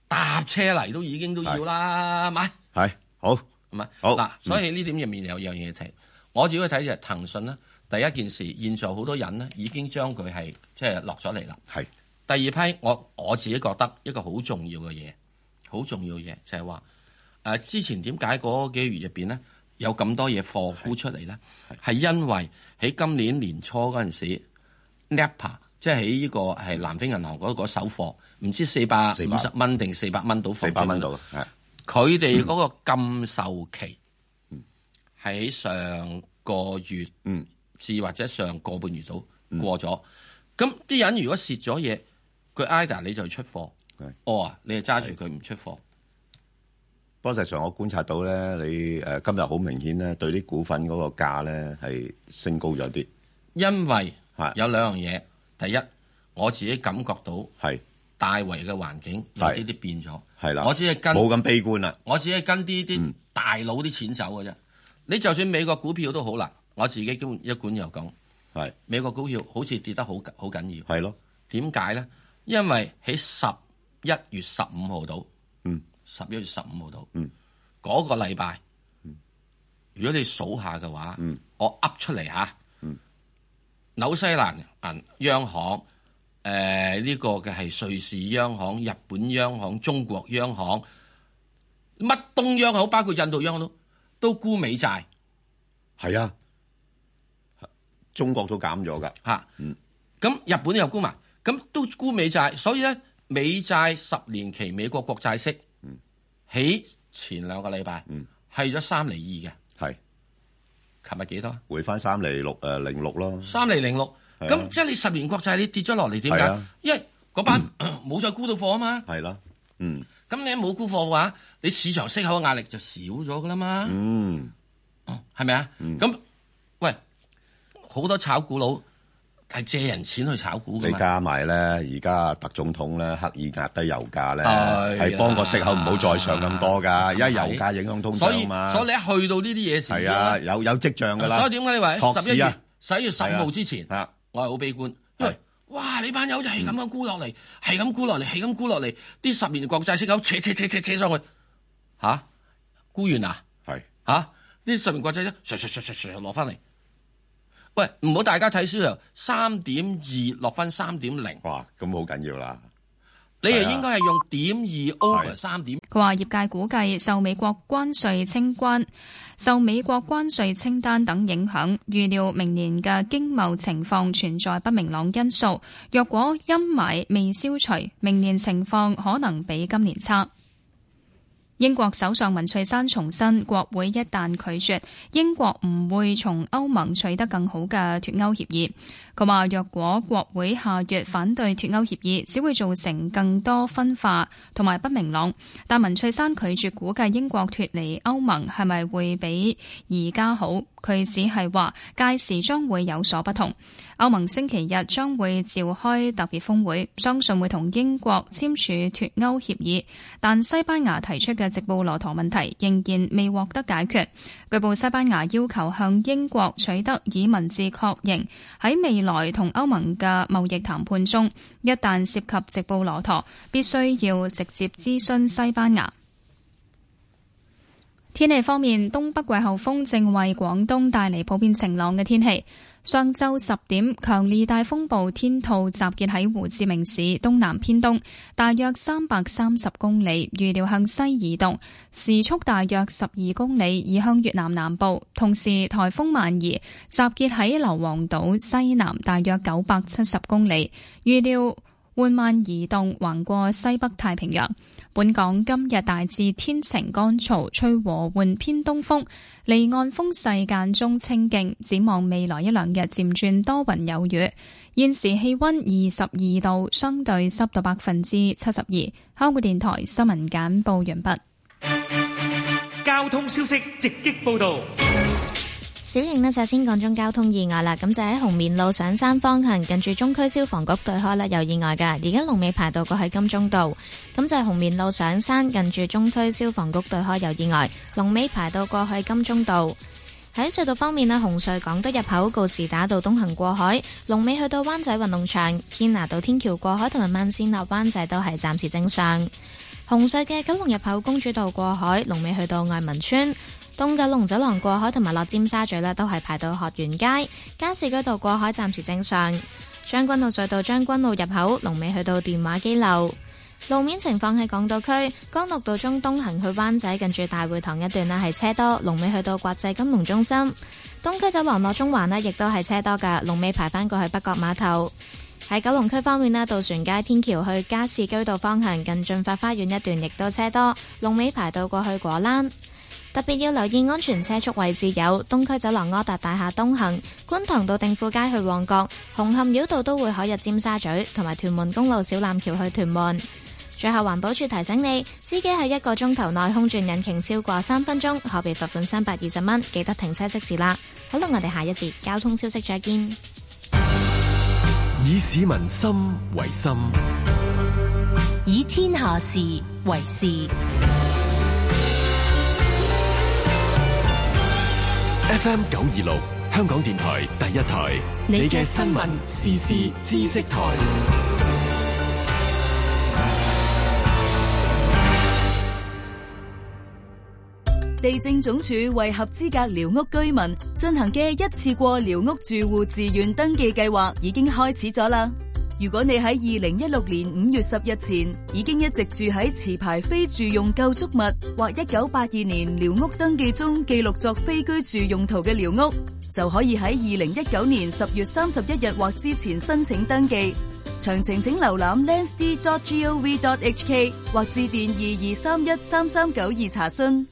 搭、啊啊、車嚟都已經都要啦，買、啊。係、啊、好，買、啊、好。嗱、嗯，所以呢點入面有樣嘢睇，我自己睇就係騰訊啦。第一件事，現場好多人咧已經將佢係即係落咗嚟啦。係、就是。第二批，我我自己覺得一個好重要嘅嘢，好重要嘅嘢就係、是、話，誒、啊、之前點解嗰幾個月入邊咧有咁多嘢貨沽出嚟咧？係因為喺今年年初嗰陣時 NAPA 即係喺呢個係南非銀行嗰嗰首貨，唔知四百五十蚊定四百蚊到？四百蚊到，係佢哋嗰個禁售期喺、嗯、上個月，嗯，至或者上個半月度過咗，咁、嗯、啲人如果蝕咗嘢。佢 ida 你就出貨，哦啊，or, 你就揸住佢唔出貨。不過實際上我觀察到咧，你誒今日好明顯咧，對啲股份嗰個價咧係升高咗啲，因為有兩樣嘢。第一，我自己感覺到係大圍嘅環境有啲變咗，係啦，我只係跟冇咁悲觀啦，我只係跟啲啲大佬啲錢走嘅啫、嗯。你就算美國股票都好啦，我自己兼一管又講係美國股票好似跌得好好緊要，係咯？點解咧？因為喺十一月十五號到，十、嗯、一月十五號到嗰個禮拜、嗯，如果你數下嘅話，嗯、我噏出嚟吓，紐、嗯、西蘭銀央行，誒、呃、呢、這個嘅係瑞士央行、日本央行、中國央行，乜東央行包括印度央行都都沽美債，係啊，中國都減咗噶吓，咁、嗯啊、日本都有沽嘛？咁都沽美債，所以咧美債十年期美國國債息、嗯、喺前兩個禮拜係咗三厘二嘅，係，琴日幾多？回返三厘六誒零六咯06、啊，三厘零六。咁即係你十年國債你跌咗落嚟點解？因為嗰班冇、嗯、再沽到貨啊嘛。係啦、啊，嗯。咁你冇沽貨嘅話，你市場息口嘅壓力就少咗噶啦嘛。嗯，哦，係咪啊？咁，喂，好多炒股佬。係借人錢去炒股嘅。你加埋咧，而家特總統咧刻意壓低油價咧，係幫個息口唔好再上咁多噶。而家油價影響通脹啊嘛。所以，所以你一去到呢啲嘢時，係啊，有有，有跡象㗎啦。所以點解你話十一月十一月十五號之前，是我係好悲觀因為。哇！你班友就係咁樣沽落嚟，係咁沽落嚟，係咁沽落嚟，啲十年國債息口扯扯扯扯上去嚇沽完啊？係嚇啲十年國債息，隨攞翻嚟。喂，唔好大家睇書，三點二落翻三點零。哇，咁好緊要啦！你又應該係用點二 over 三點。佢話業界估計受美國關稅清關、受美國關稅清單等影響，預料明年嘅經貿情況存在不明朗因素。若果陰霾未消除，明年情況可能比今年差。英國首相文翠珊重申，國會一旦拒絕，英國唔會從歐盟取得更好嘅脫歐協議。佢話若果國會下月反對脫歐協議，只會造成更多分化同埋不明朗。但文翠珊拒絕估計英國脫離歐盟係咪會比而家好。佢只係話屆時將會有所不同。歐盟星期日將會召開特別峰會，相信會同英國簽署脱歐協議。但西班牙提出嘅直布羅陀問題仍然未獲得解決。據報西班牙要求向英國取得以文字確認，喺未來同歐盟嘅貿易談判中，一旦涉及直布羅陀，必須要直接諮詢西班牙。天氣方面，東北季候風正為廣東帶嚟普遍晴朗嘅天氣。上晝十點，強烈大風暴天兔集結喺胡志明市東南偏東，大約三百三十公里，預料向西移動，時速大約十二公里，移向越南南部。同時，台風萬宜集結喺硫磺島西南大約九百七十公里，預料緩慢移動，橫過西北太平洋。本港今日大致天晴乾燥，吹和緩偏東風，離岸風勢間中清勁。展望未來一兩日，漸轉多雲有雨。現時氣溫二十二度，相對濕度百分之七十二。香港電台新聞簡報完畢。交通消息直擊報道。小型呢，就先講中交通意外啦，咁就喺紅棉路上山方向，近住中區消防局對開啦有意外㗎。而家龍尾排到過去金鐘道。咁就係紅棉路上山近住中區消防局對開有意外，龍尾排到過去金鐘道。喺隧道方面呢，紅隧港島入口告士打道東行過海，龍尾去到灣仔運動場；堅拿道天橋過海同埋慢線落灣仔都係暫時正常。紅隧嘅九龍入口公主道過海，龍尾去到愛民村。東九龍走廊過海同埋落尖沙咀呢，都係排到學園街，加士居道過海暫時正常。將軍澳隧道，將軍澳入口，龍尾去到電話機樓。路面情況喺港島區，江樂道中東行去灣仔，近住大會堂一段啦，係車多，龍尾去到國際金融中心。東區走廊落中環呢，亦都係車多噶，龍尾排翻過去北角碼頭。喺九龍區方面呢，渡船街天橋去加士居道方向，近駿發花園一段亦都車多，龍尾排到過去果欄。特別要留意安全車速位置，有東區走廊柯達大廈東行、觀塘道定富街去旺角、紅磡繞道都會可入尖沙咀，同埋屯門公路小欖橋去屯門。最後環保署提醒你，司機喺一個鐘頭內空轉引擎超過三分鐘，可被罰款三百二十蚊。記得停車熄匙啦。好啦，我哋下一節交通消息再見。以市民心為心，以天下事為事。FM 九二六，香港電台第一台，你嘅新聞時事知識台。地政總署為合資格寮屋居民進行嘅一次過寮屋住戶自願登記計劃已經開始咗啦。如果你喺二零一六年五月十日前已經一直住喺持牌非住用構築物，或一九八二年寮屋登記中記錄作非居住用途嘅寮屋，就可以喺二零一九年十月三十一日或之前申請登記。詳情請瀏覽 landsd.gov.hk 或致電二二三一三三九二查詢。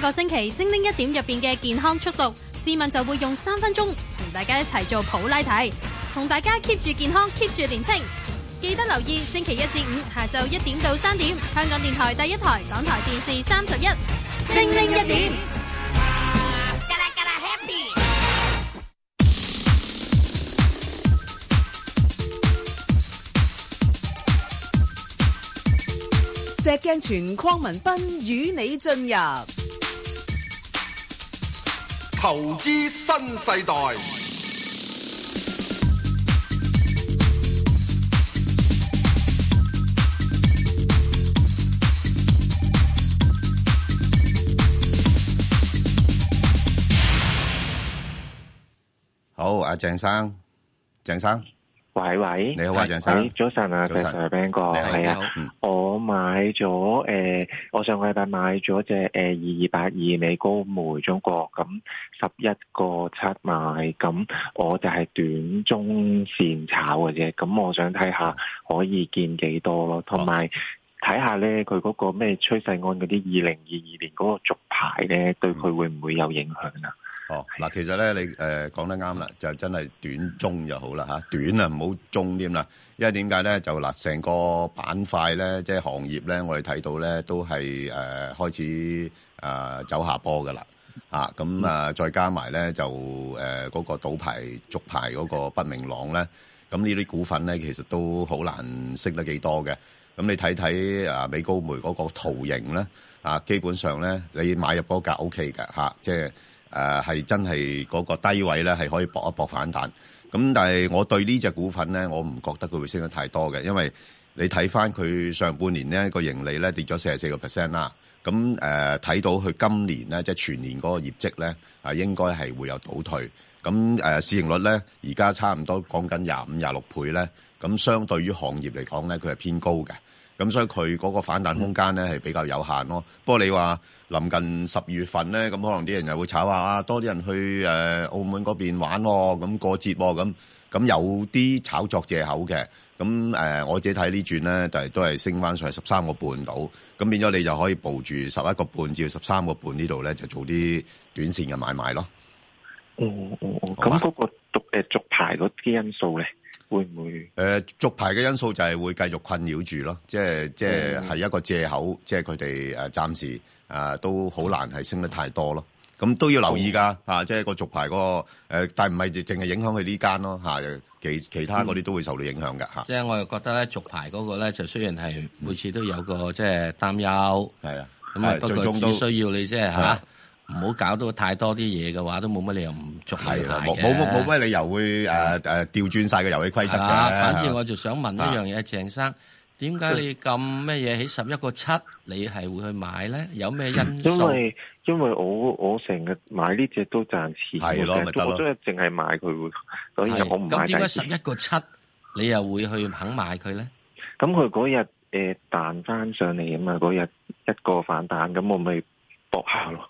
個星期精靈一點入邊嘅健康速度，市民就會用三分鐘同大家一齊做普拉提，同大家 keep 住健康，keep 住年輕。記得留意星期一至五下晝一點到三點，香港電台第一台，港台電視三十一，精靈一點。石鏡泉鄺民彬與你進入。投資新世代。好，阿鄭生，鄭生。喂喂，你好，阿早晨啊，早晨，Ben 哥，係啊，我買咗誒、嗯呃，我上個禮拜買咗隻誒二二八二美高梅中國，咁十一個七賣。咁我就係短中線炒嘅啫，咁我想睇下可以見幾多咯，同埋睇下咧佢嗰個咩趨勢案嗰啲二零二二年嗰個續牌咧、嗯，對佢會唔會有影響啊？哦，嗱，其實咧，你誒講得啱啦，就真係短中就好啦嚇。短啊，唔好中添啦，因為點解咧？就嗱，成個板塊咧，即係行業咧，我哋睇到咧都係誒開始啊走下坡噶啦嚇。咁啊，再加埋咧就誒嗰個賭牌續牌嗰個不明朗咧，咁呢啲股份咧其實都好難升得幾多嘅。咁你睇睇啊，美高梅嗰個圖形咧啊，基本上咧你買入嗰格 O K 嘅嚇，即係。誒、呃，係真係嗰個低位咧，係可以搏一搏反彈。咁但係我對呢隻股份咧，我唔覺得佢會升得太多嘅，因為你睇翻佢上半年咧個盈利咧跌咗四十四個 percent 啦。咁誒、睇、呃、到佢今年咧即係全年嗰個業績咧，應該係會有倒退。咁誒、呃，市盈率咧而家差唔多講緊廿五、廿六倍咧。咁相對於行業嚟講咧，佢係偏高嘅。咁所以佢嗰個反彈空間咧係、嗯、比較有限咯、喔。不過你話臨近十月份咧，咁可能啲人又會炒下啊，多啲人去誒、呃、澳門嗰邊玩喎、喔，咁過節喎、喔，咁咁有啲炒作藉口嘅。咁誒、呃、我自己睇呢轉咧，就係都係升翻上十三個半度。咁變咗你就可以佈住十一個半至十三個半呢度咧，就做啲短線嘅買賣咯。哦咁嗰、哦嗰個續誒牌嗰啲因素咧？會唔會？誒、呃，續牌嘅因素就係會繼續困擾住咯，即係即係係一個借口，嗯、即係佢哋誒暫時啊、呃、都好難係升得太多咯。咁都要留意噶吓、啊，即係個續牌嗰、那個誒、呃，但係唔係淨係影響佢呢間咯吓，其其他嗰啲都會受到影響嘅吓。即係我又覺得咧，續牌嗰個咧就雖然係每次都有個即係擔憂，係、嗯、啊，咁、嗯、啊，嗯嗯、不過只需要你即係吓。唔好搞到太多啲嘢嘅話，都冇乜理由唔捉嘅。係冇冇冇乜理由會誒誒調轉晒個遊戲規則啊，啊反正我就想問一樣嘢，鄭生，點解你咁咩嘢起十一個七，你係會去買咧？有咩因素？因為因為我我成日買呢隻都賺錢，我所以淨係買佢，所以我唔買。咁點解十一個七，你又會去肯買佢咧？咁佢嗰日誒彈翻上嚟啊嘛，嗰日一個反彈，咁我咪。搏下咯，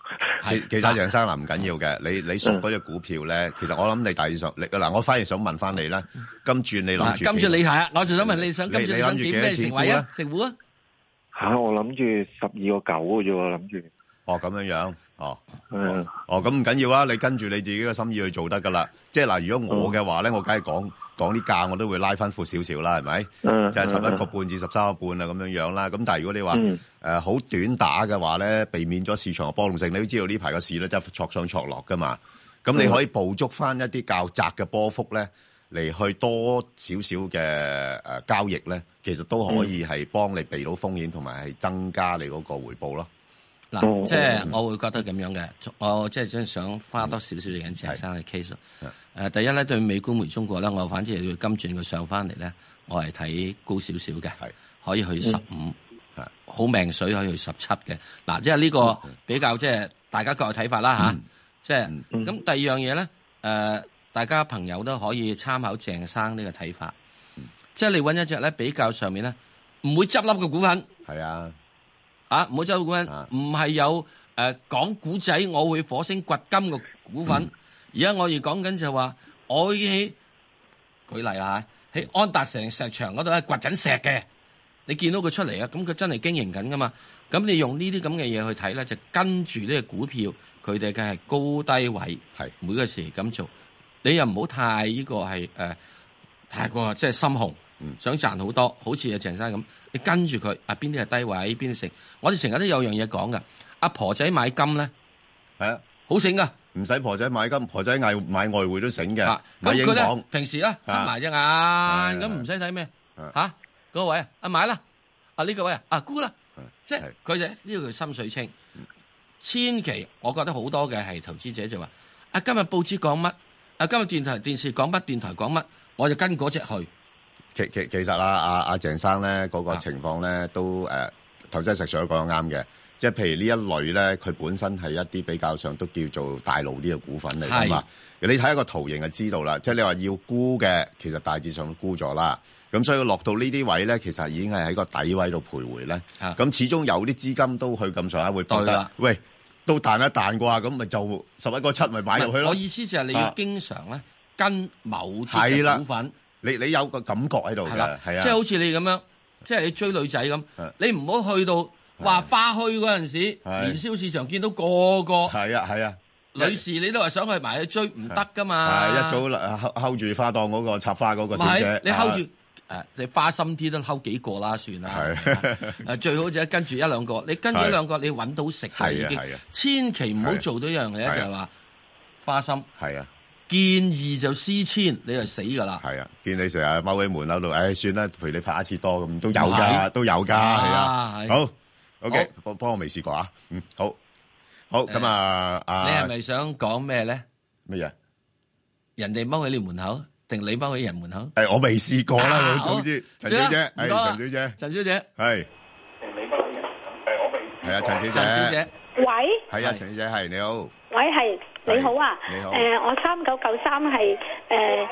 其實楊生啊唔緊要嘅，你你送嗰隻股票咧，其實我諗你大意想，你嗱我反而想問翻你咧，今轉你諗住，今你係我就想問你想今你，你。想住咩成位啊？成股啊？吓我諗住十二個九嘅啫我諗住。哦咁樣樣。哦，mm -hmm. 哦，咁唔緊要啊！你跟住你自己嘅心意去做得噶啦。即係嗱，如果我嘅話咧，mm -hmm. 我梗係講講啲價，價我都會拉翻闊少少啦，係咪？Mm -hmm. 就係十一個半至十三個半啊，咁樣樣啦。咁但係如果你話誒好短打嘅話咧，避免咗市場嘅波動性，你都知道呢排嘅市咧係挫上挫落噶嘛。咁你可以捕捉翻一啲較窄嘅波幅咧，嚟去多少少嘅交易咧，其實都可以係幫你避到風險，同埋係增加你嗰個回報咯。嗱、嗯，即係、嗯、我會覺得咁樣嘅，我即係真想花多少少嘅銀紙，鄭生嘅 case。誒、呃，第一咧對美觀回中國咧，我反之係今轉個上翻嚟咧，我係睇高少少嘅，可以去十五、嗯，好命水可以去十七嘅。嗱、呃，即係呢個比較即係大家各有睇法啦吓、嗯啊，即係咁，嗯、第二樣嘢咧，誒、呃，大家朋友都可以參考鄭生呢個睇法。嗯、即係你揾一隻咧比較上面咧，唔會執笠嘅股份。係啊。啊，唔好周股唔係有誒講古仔，我會火星掘金嘅股份。而、嗯、家我要講緊就話，我喺舉例啊，喺安達臣石場嗰度咧掘緊石嘅。你見到佢出嚟啊，咁佢真係經營緊噶嘛？咁你用呢啲咁嘅嘢去睇咧，就跟住呢個股票，佢哋嘅係高低位，係每個時咁做。你又唔好太呢、這個係誒、呃、太過即係心紅。嗯、想賺好多，好似阿陳生咁，你跟住佢啊，邊啲係低位，邊啲成。我哋成日都有樣嘢講噶，阿婆仔買金咧，係啊，好醒噶，唔使婆仔買金，婆仔外買外匯都醒嘅、啊，買英鎊，平時啦，加埋隻眼咁，唔使使咩吓，嗰位啊,啊，啊,、那個、啊買啦，啊呢、呢個位啊沽啦，啊啊、即係佢哋呢個叫心水清，千祈我覺得好多嘅係投資者就話啊，今日報紙講乜啊，今日電台電視講乜，電台講乜，我就跟嗰隻去。其其實啦，阿、啊、阿、啊、鄭生咧嗰、那個情況咧、啊、都誒，頭、呃、先石上都講得啱嘅，即係譬如呢一類咧，佢本身係一啲比較上都叫做大路啲嘅股份嚟㗎嘛。你睇一個圖形就知道啦，即係你話要沽嘅，其實大致上都沽咗啦。咁所以落到呢啲位咧，其實已經係喺個底位度徘徊咧。咁、啊、始終有啲資金都去咁上下，會覺得喂，都彈一彈啩，咁咪就十一個七咪買入去咯。我意思就係你要經常咧、啊、跟某啲股份。你你有個感覺喺度噶，即係好似你咁樣，即、就、係、係、你追女仔咁，你唔好去到話花墟嗰陣時，年宵市場見到個個係啊係啊，女士係係你都話想去埋去追，唔得噶嘛，一早睺住花檔嗰、嗰個插花嗰個小姐，你睺住誒，你花心啲都睺幾個啦，算啦，最好就係跟住一兩個，你跟住一兩個，你搵到食就已經，千祈唔好做多一樣嘢咧，就係、係、話花心，係啊。係建議就私簽，你就死噶啦！係啊，見你成日踎喺門口度，唉，算啦，陪你拍一次多咁都有噶，都有噶，係啊。好，O K，我幫我未試過啊，嗯，好好咁啊，你係咪想講咩咧？乜嘢？人哋踎喺你門口，定你踎喺人門口？係我未試過啦，總之陳小姐，係陳小姐，陳小姐係，定你踎喺人？係我未係啊，陳小姐，陳小姐，喂，係啊，陳小姐，係你好，喂，係。你好啊，你好，呃、我三九九三係誒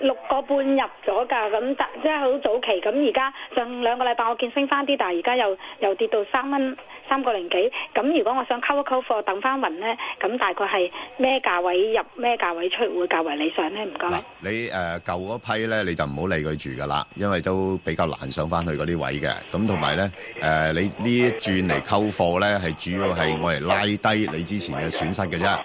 六個半入咗㗎，咁即係好早期。咁而家上兩個禮拜我見升翻啲，但係而家又又跌到三蚊三個零幾。咁如果我想溝一溝貨等翻云咧，咁大概係咩價位入咩價位出會較為理想咧？唔該。你誒、呃、舊嗰批咧，你就唔好理佢住㗎啦，因為都比較難上翻去嗰啲位嘅。咁同埋咧，誒、呃、你呢一轉嚟溝貨咧，係主要係我嚟拉低你之前嘅損失嘅啫。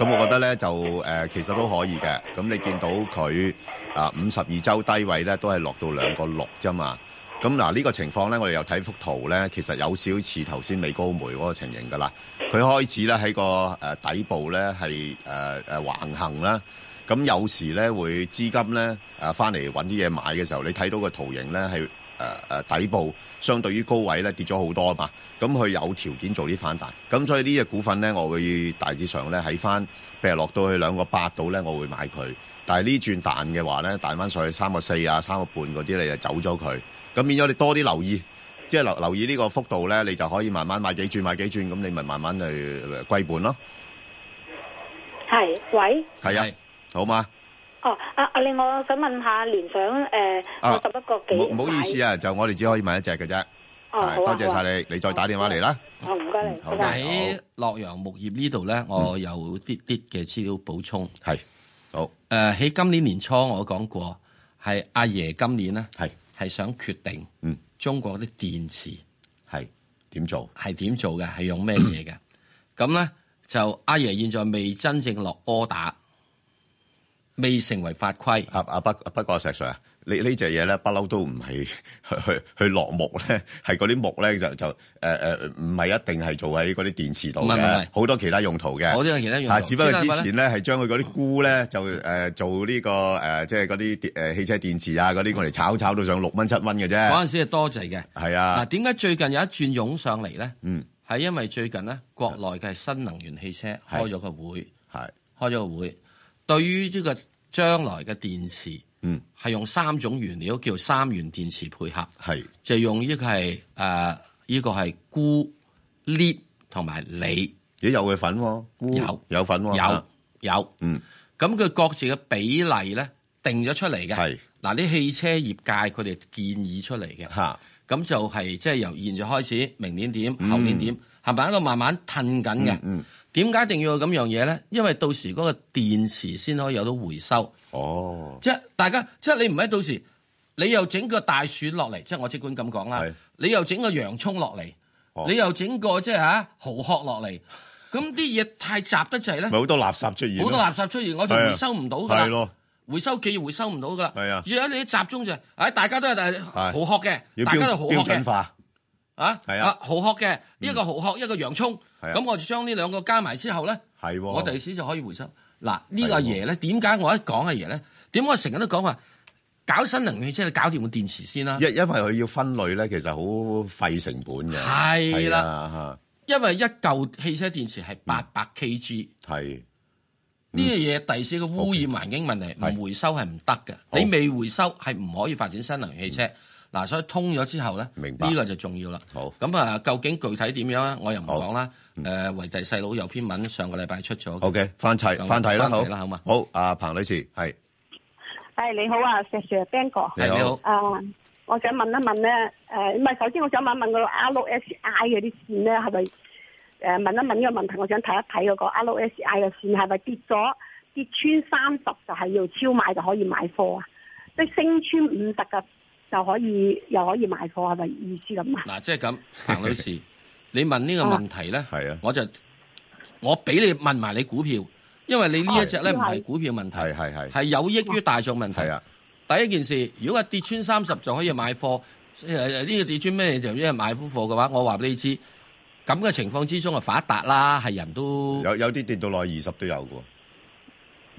咁我覺得咧就誒、呃、其實都可以嘅，咁你見到佢啊，五十二週低位咧都係落到兩個六啫嘛。咁嗱呢個情況咧，我哋又睇幅圖咧，其實有少少似頭先美高梅嗰個情形噶啦。佢開始咧喺個誒底部咧係誒誒橫行啦。咁有時咧會資金咧返翻嚟搵啲嘢買嘅時候，你睇到個圖形咧係。誒底部相對於高位咧跌咗好多啊嘛，咁佢有條件做啲反彈，咁所以呢隻股份咧，我會大致上咧喺翻，譬如落到去兩個八度咧，我會買佢。但係呢轉彈嘅話咧，彈翻上去三個四啊、三個半嗰啲，你就走咗佢，咁變咗你多啲留意，即係留留意呢個幅度咧，你就可以慢慢買幾轉買幾轉，咁你咪慢慢去歸本咯。係，喂，係啊，好嘛？哦，啊阿令，啊、你我想問一下聯想誒，十、呃啊、一個幾？唔好意思啊，就我哋只可以問一隻嘅啫。哦、啊啊啊，多謝晒你、啊，你再打電話嚟啦。哦，唔該你，好。喺洛陽鉬業呢度咧，我有啲啲嘅資料補充，係、嗯、好。誒、啊，喺今年年初我講過，係阿爺今年咧係係想決定，嗯，中國啲電池係點做，係點做嘅，係用咩嘢嘅？咁咧 就阿爺現在未真正落 order。未成為法規。啊啊不不過石 Sir 啊，呢呢隻嘢咧不嬲都唔係去去去落木咧，係嗰啲木咧就就誒誒唔係一定係做喺嗰啲電池度嘅，好多其他用途嘅。好多其他用途。但係只不過之前咧係將佢嗰啲菇咧就誒做呢個誒，即係嗰啲誒汽車電池啊嗰啲，我哋炒炒到上六蚊七蚊嘅啫。嗰陣時係多滯嘅。係啊。嗱，點解最近有一轉湧上嚟咧？嗯，係因為最近咧國內嘅新能源汽車開咗個會，係開咗個會。對於呢個將來嘅電池，嗯，係用三種原料叫三元電池配合，係就用呢個係誒呢個係鈷、鋁同埋鋰，而有佢粉喎，有的粉、哦、菇有，有粉、哦、有、啊、有嗯，咁佢各自嘅比例咧定咗出嚟嘅，係嗱啲汽車業界佢哋建議出嚟嘅，嚇、啊、咁就係即係由現在開始，明年點，後年點，係咪喺度慢慢褪緊嘅？嗯。嗯。點解一定要有咁樣嘢咧？因為到時嗰個電池先可以有到回收。哦，即係大家，即係你唔喺到時，你又整個大蒜落嚟，即係我即管咁講啦。你又整個洋葱落嚟，你又整個即係吓蠔殼落嚟，咁啲嘢太雜得滯咧。好 多垃圾出現，好多垃圾出現，我仲回收唔到噶。係咯，回收企業回收唔到噶。係啊，如果你集中就，啊、哎，大家都係蠔殼嘅，大家都蠔殼嘅，啊，啊，蠔殼嘅，嗯、一個蠔殼，一個洋葱。咁、啊、我就將呢兩個加埋之後咧、啊，我第時就可以回收。嗱、啊這個、呢個爺咧，點解、啊、我一講阿爺咧？點解成日都講話搞新能源汽車，搞掂個電池先啦、啊？因因為佢要分類咧，其實好費成本嘅。係啦、啊啊，因為一舊汽車電池係八百 kg。係呢嘢第時個污染環境問題，唔、okay, 回收係唔得嘅。你未回收係唔可以發展新能源汽車。嗱、嗯啊，所以通咗之後咧，呢、這個就重要啦。好，咁啊，究竟具體點樣咧？我又唔講啦。誒、嗯維、呃就是、弟細佬有篇文，上個禮拜出咗。OK，翻齊翻睇啦，好啦，好嘛。好，阿、啊、彭女士，係，係你好啊，石 sir 彬哥，你好。啊、嗯，我想問一問咧，誒，唔係，首先我想問一問個 R O S I 嗰啲線咧，係咪？誒，問一問呢個問題，我想睇一睇個 R O S I 嘅線係咪跌咗跌穿三十就係要超買、就是、就可以買貨啊？即係升穿五十嘅就可以又可以買貨，係咪意思咁啊？嗱，即係咁，彭女士。 你問呢個問題咧，啊、oh.，我就我俾你問埋你股票，因為你呢一隻咧唔係股票問題，係、oh. 有益於大眾問題啊！Oh. 第一件事，如果係跌穿三十就可以買貨，呢個跌穿咩就一係買副貨嘅話，我話俾你知，咁嘅情況之中啊，發達啦，係人都有有啲跌到落去二十都有嘅。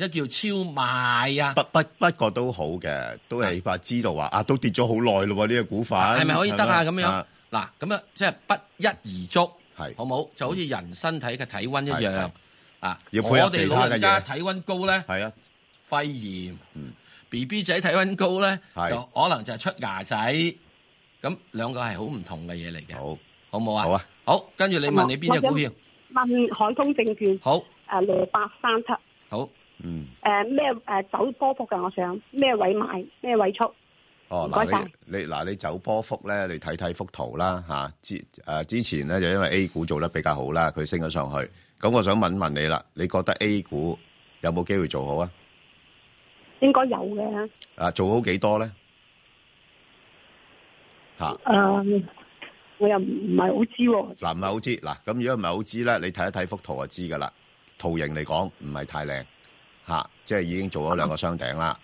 一叫超賣啊！不不不過都好嘅，都係怕知道話啊,啊,啊，都跌咗好耐咯喎，呢、這個股份係咪可以得啊？咁樣嗱，咁、啊啊、樣即係不一而足，係好冇好就好似人身體嘅體温一樣啊,要啊！我哋老人家體温高咧，係啊，肺炎；嗯，B B 仔體温高咧，就可能就係出牙仔。咁兩個係好唔同嘅嘢嚟嘅，好，好冇啊？好啊，好。跟住你問你邊隻股票？問,問海通證券。好，誒六八三七。837. 好。嗯，誒咩誒走波幅㗎？我想咩位賣，咩位出？哦，唔該晒你。嗱，你走波幅咧，你睇睇幅圖啦吓，啊。之誒之前咧就因為 A 股做得比較好啦，佢升咗上去。咁我想問問你啦，你覺得 A 股有冇機會做好啊？應該有嘅。啊，做好幾多咧？吓？誒，我又唔係好知喎。嗱唔係好知，嗱咁如果唔係好知咧，你睇一睇幅圖就知噶啦。圖形嚟講唔係太靚。吓、啊，即係已經做咗兩個雙頂啦，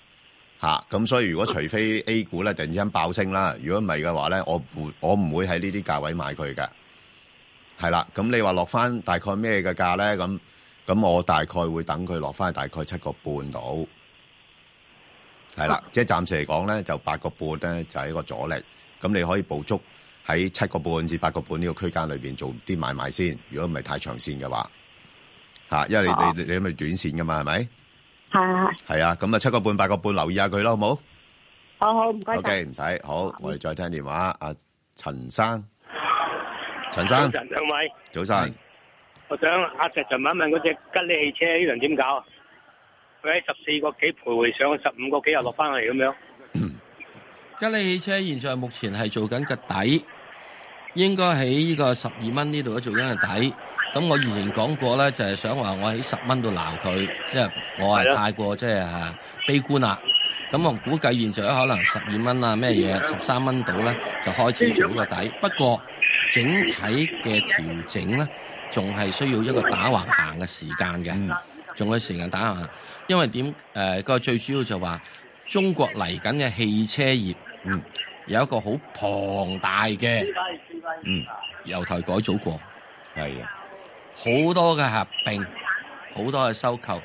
吓、啊、咁所以如果除非 A 股咧突然間爆升啦，如果唔係嘅話咧，我唔我唔會喺呢啲價位買佢嘅。係啦，咁你話落翻大概咩嘅價咧？咁咁我大概會等佢落翻大概七個半到，係啦，即係暫時嚟講咧，就八個半咧就係、是、一個阻力，咁你可以捕捉喺七個半至八個半呢個區間裏邊做啲買賣先，如果唔係太長線嘅話，吓、啊，因為你、啊、你你咁係短線噶嘛，係咪？係係係。係啊，咁啊就七個半八個半，留意下佢咯，好冇？好好唔該。O K 唔使好，我哋再聽電話。阿、啊、陳生，陳生，早晨兩位，早晨。我想阿石就問一問嗰隻吉利汽車呢輪點搞啊？佢喺十四個幾徘徊，上去十五個幾又落翻嚟。咁樣吉利汽車現在目前係做緊嘅底，應該喺呢個十二蚊呢度做緊嘅底。咁我以前講過咧，就係、是、想話我喺十蚊度鬧佢，即係我係太過即係、就是、悲觀啦。咁我估計現在可能十二蚊啊咩嘢十三蚊度咧，就開始做個底。不過整體嘅調整咧，仲係需要一個打橫行嘅時間嘅，仲、嗯、有時間打橫行。因為點誒、呃，嗰個最主要就話中國嚟緊嘅汽車業，嗯、有一個好龐大嘅，嗯，由頭改組過，係啊。好多嘅合併，好多嘅收購，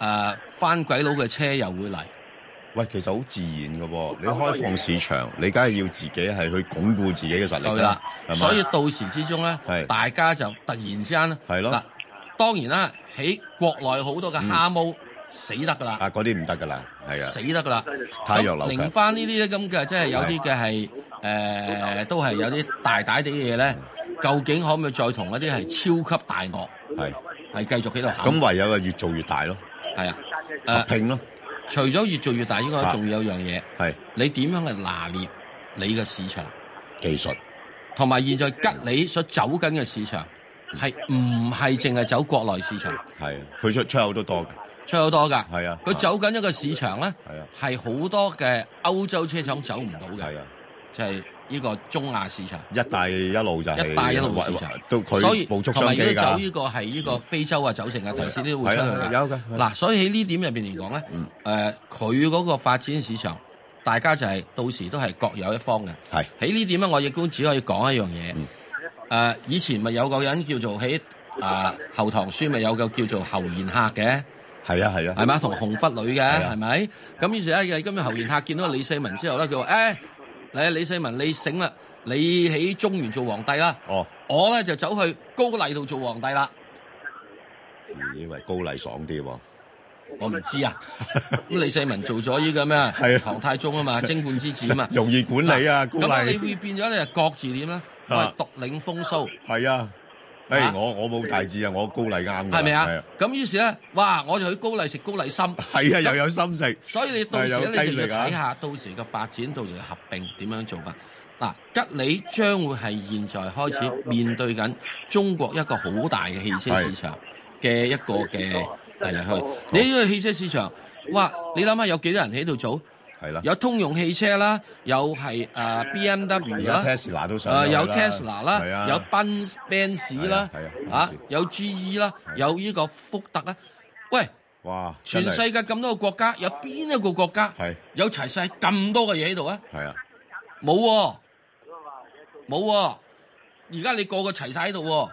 誒翻鬼佬嘅車又會嚟。喂，其實好自然嘅喎，你開放市場，你梗係要自己係去鞏固自己嘅實力啦。啦，所以到時之中咧，大家就突然之間咧、啊，當然啦，喺國內好多嘅蝦毛、嗯、死得㗎啦。啊，嗰啲唔得㗎啦，啊，死得㗎啦。太弱流。拎翻呢啲咧，咁嘅即係有啲嘅係誒，都係有啲大大地嘅嘢咧。嗯究竟可唔可以再同一啲係超級大鱷係繼續喺度行？咁唯有係越做越大咯。係啊，誒、啊、拼咯。除咗越做越大，應該仲有樣嘢係你點樣去拿捏你嘅市場技術，同埋現在吉利所走緊嘅市場係唔係淨係走國內市場？係啊，佢出出口都多嘅，出口多㗎。係啊，佢走緊一個市場咧，係好、啊、多嘅歐洲車廠走唔到嘅，就係、是。呢、這個中亞市場，一帶一路就係、是、一帶一路市場，所以同埋要走呢個係呢個非洲走、嗯、啊，走成啊，頭先都會出嚟。嗱、啊啊啊嗯，所以喺呢點入邊嚟講咧，誒佢嗰個發展市場，大家就係、是、到時都係各有一方嘅。喺呢點咧，我亦都只可以講一樣嘢。誒、嗯呃，以前咪有個人叫做喺誒、嗯《後唐書》咪有個叫做虬髯客嘅，係啊係啊，係嘛同紅拂女嘅，係咪、啊？咁於是咧，今日虬髯客見到李世民之後咧，佢嚟啊，李世民，你醒啦！你喺中原做皇帝啦、哦，我咧就走去高麗度做皇帝啦。你以為高麗爽啲？我唔知啊。咁 李世民做咗呢、這個咩啊？係啊，唐太宗啊嘛，貞觀、啊、之治啊嘛，容易管理啊。咁、啊、你會變咗你係各自點咧？啊，獨領風騷。係啊。誒，我我冇大志啊，我高麗啱嘅。係咪啊？咁於是咧，哇！我就去高麗食高麗參。係啊，又有心食。所以你到時咧你就要睇下，到時嘅發展，到時嘅合併點樣做法？嗱，吉利將會係現在開始面對緊中國一個好大嘅汽車市場嘅一個嘅嚟嚟去。你呢個汽車市場，哇！你諗下有幾多人喺度做？係啦、啊，有通用汽車啦，有係、啊、B M W 啦，有 Tesla 都上嚟啦、呃，有 Tesla 啦、啊，Ben Benz 啦，啊啊啊啊啊啊啊、有 G E 啦，啊、有呢個福特啊，喂，哇，全世界咁多個國家，有邊一個國家有齊晒咁多嘅嘢喺度啊？啊，冇喎、啊，冇喎，而家你個個齊晒喺度喎，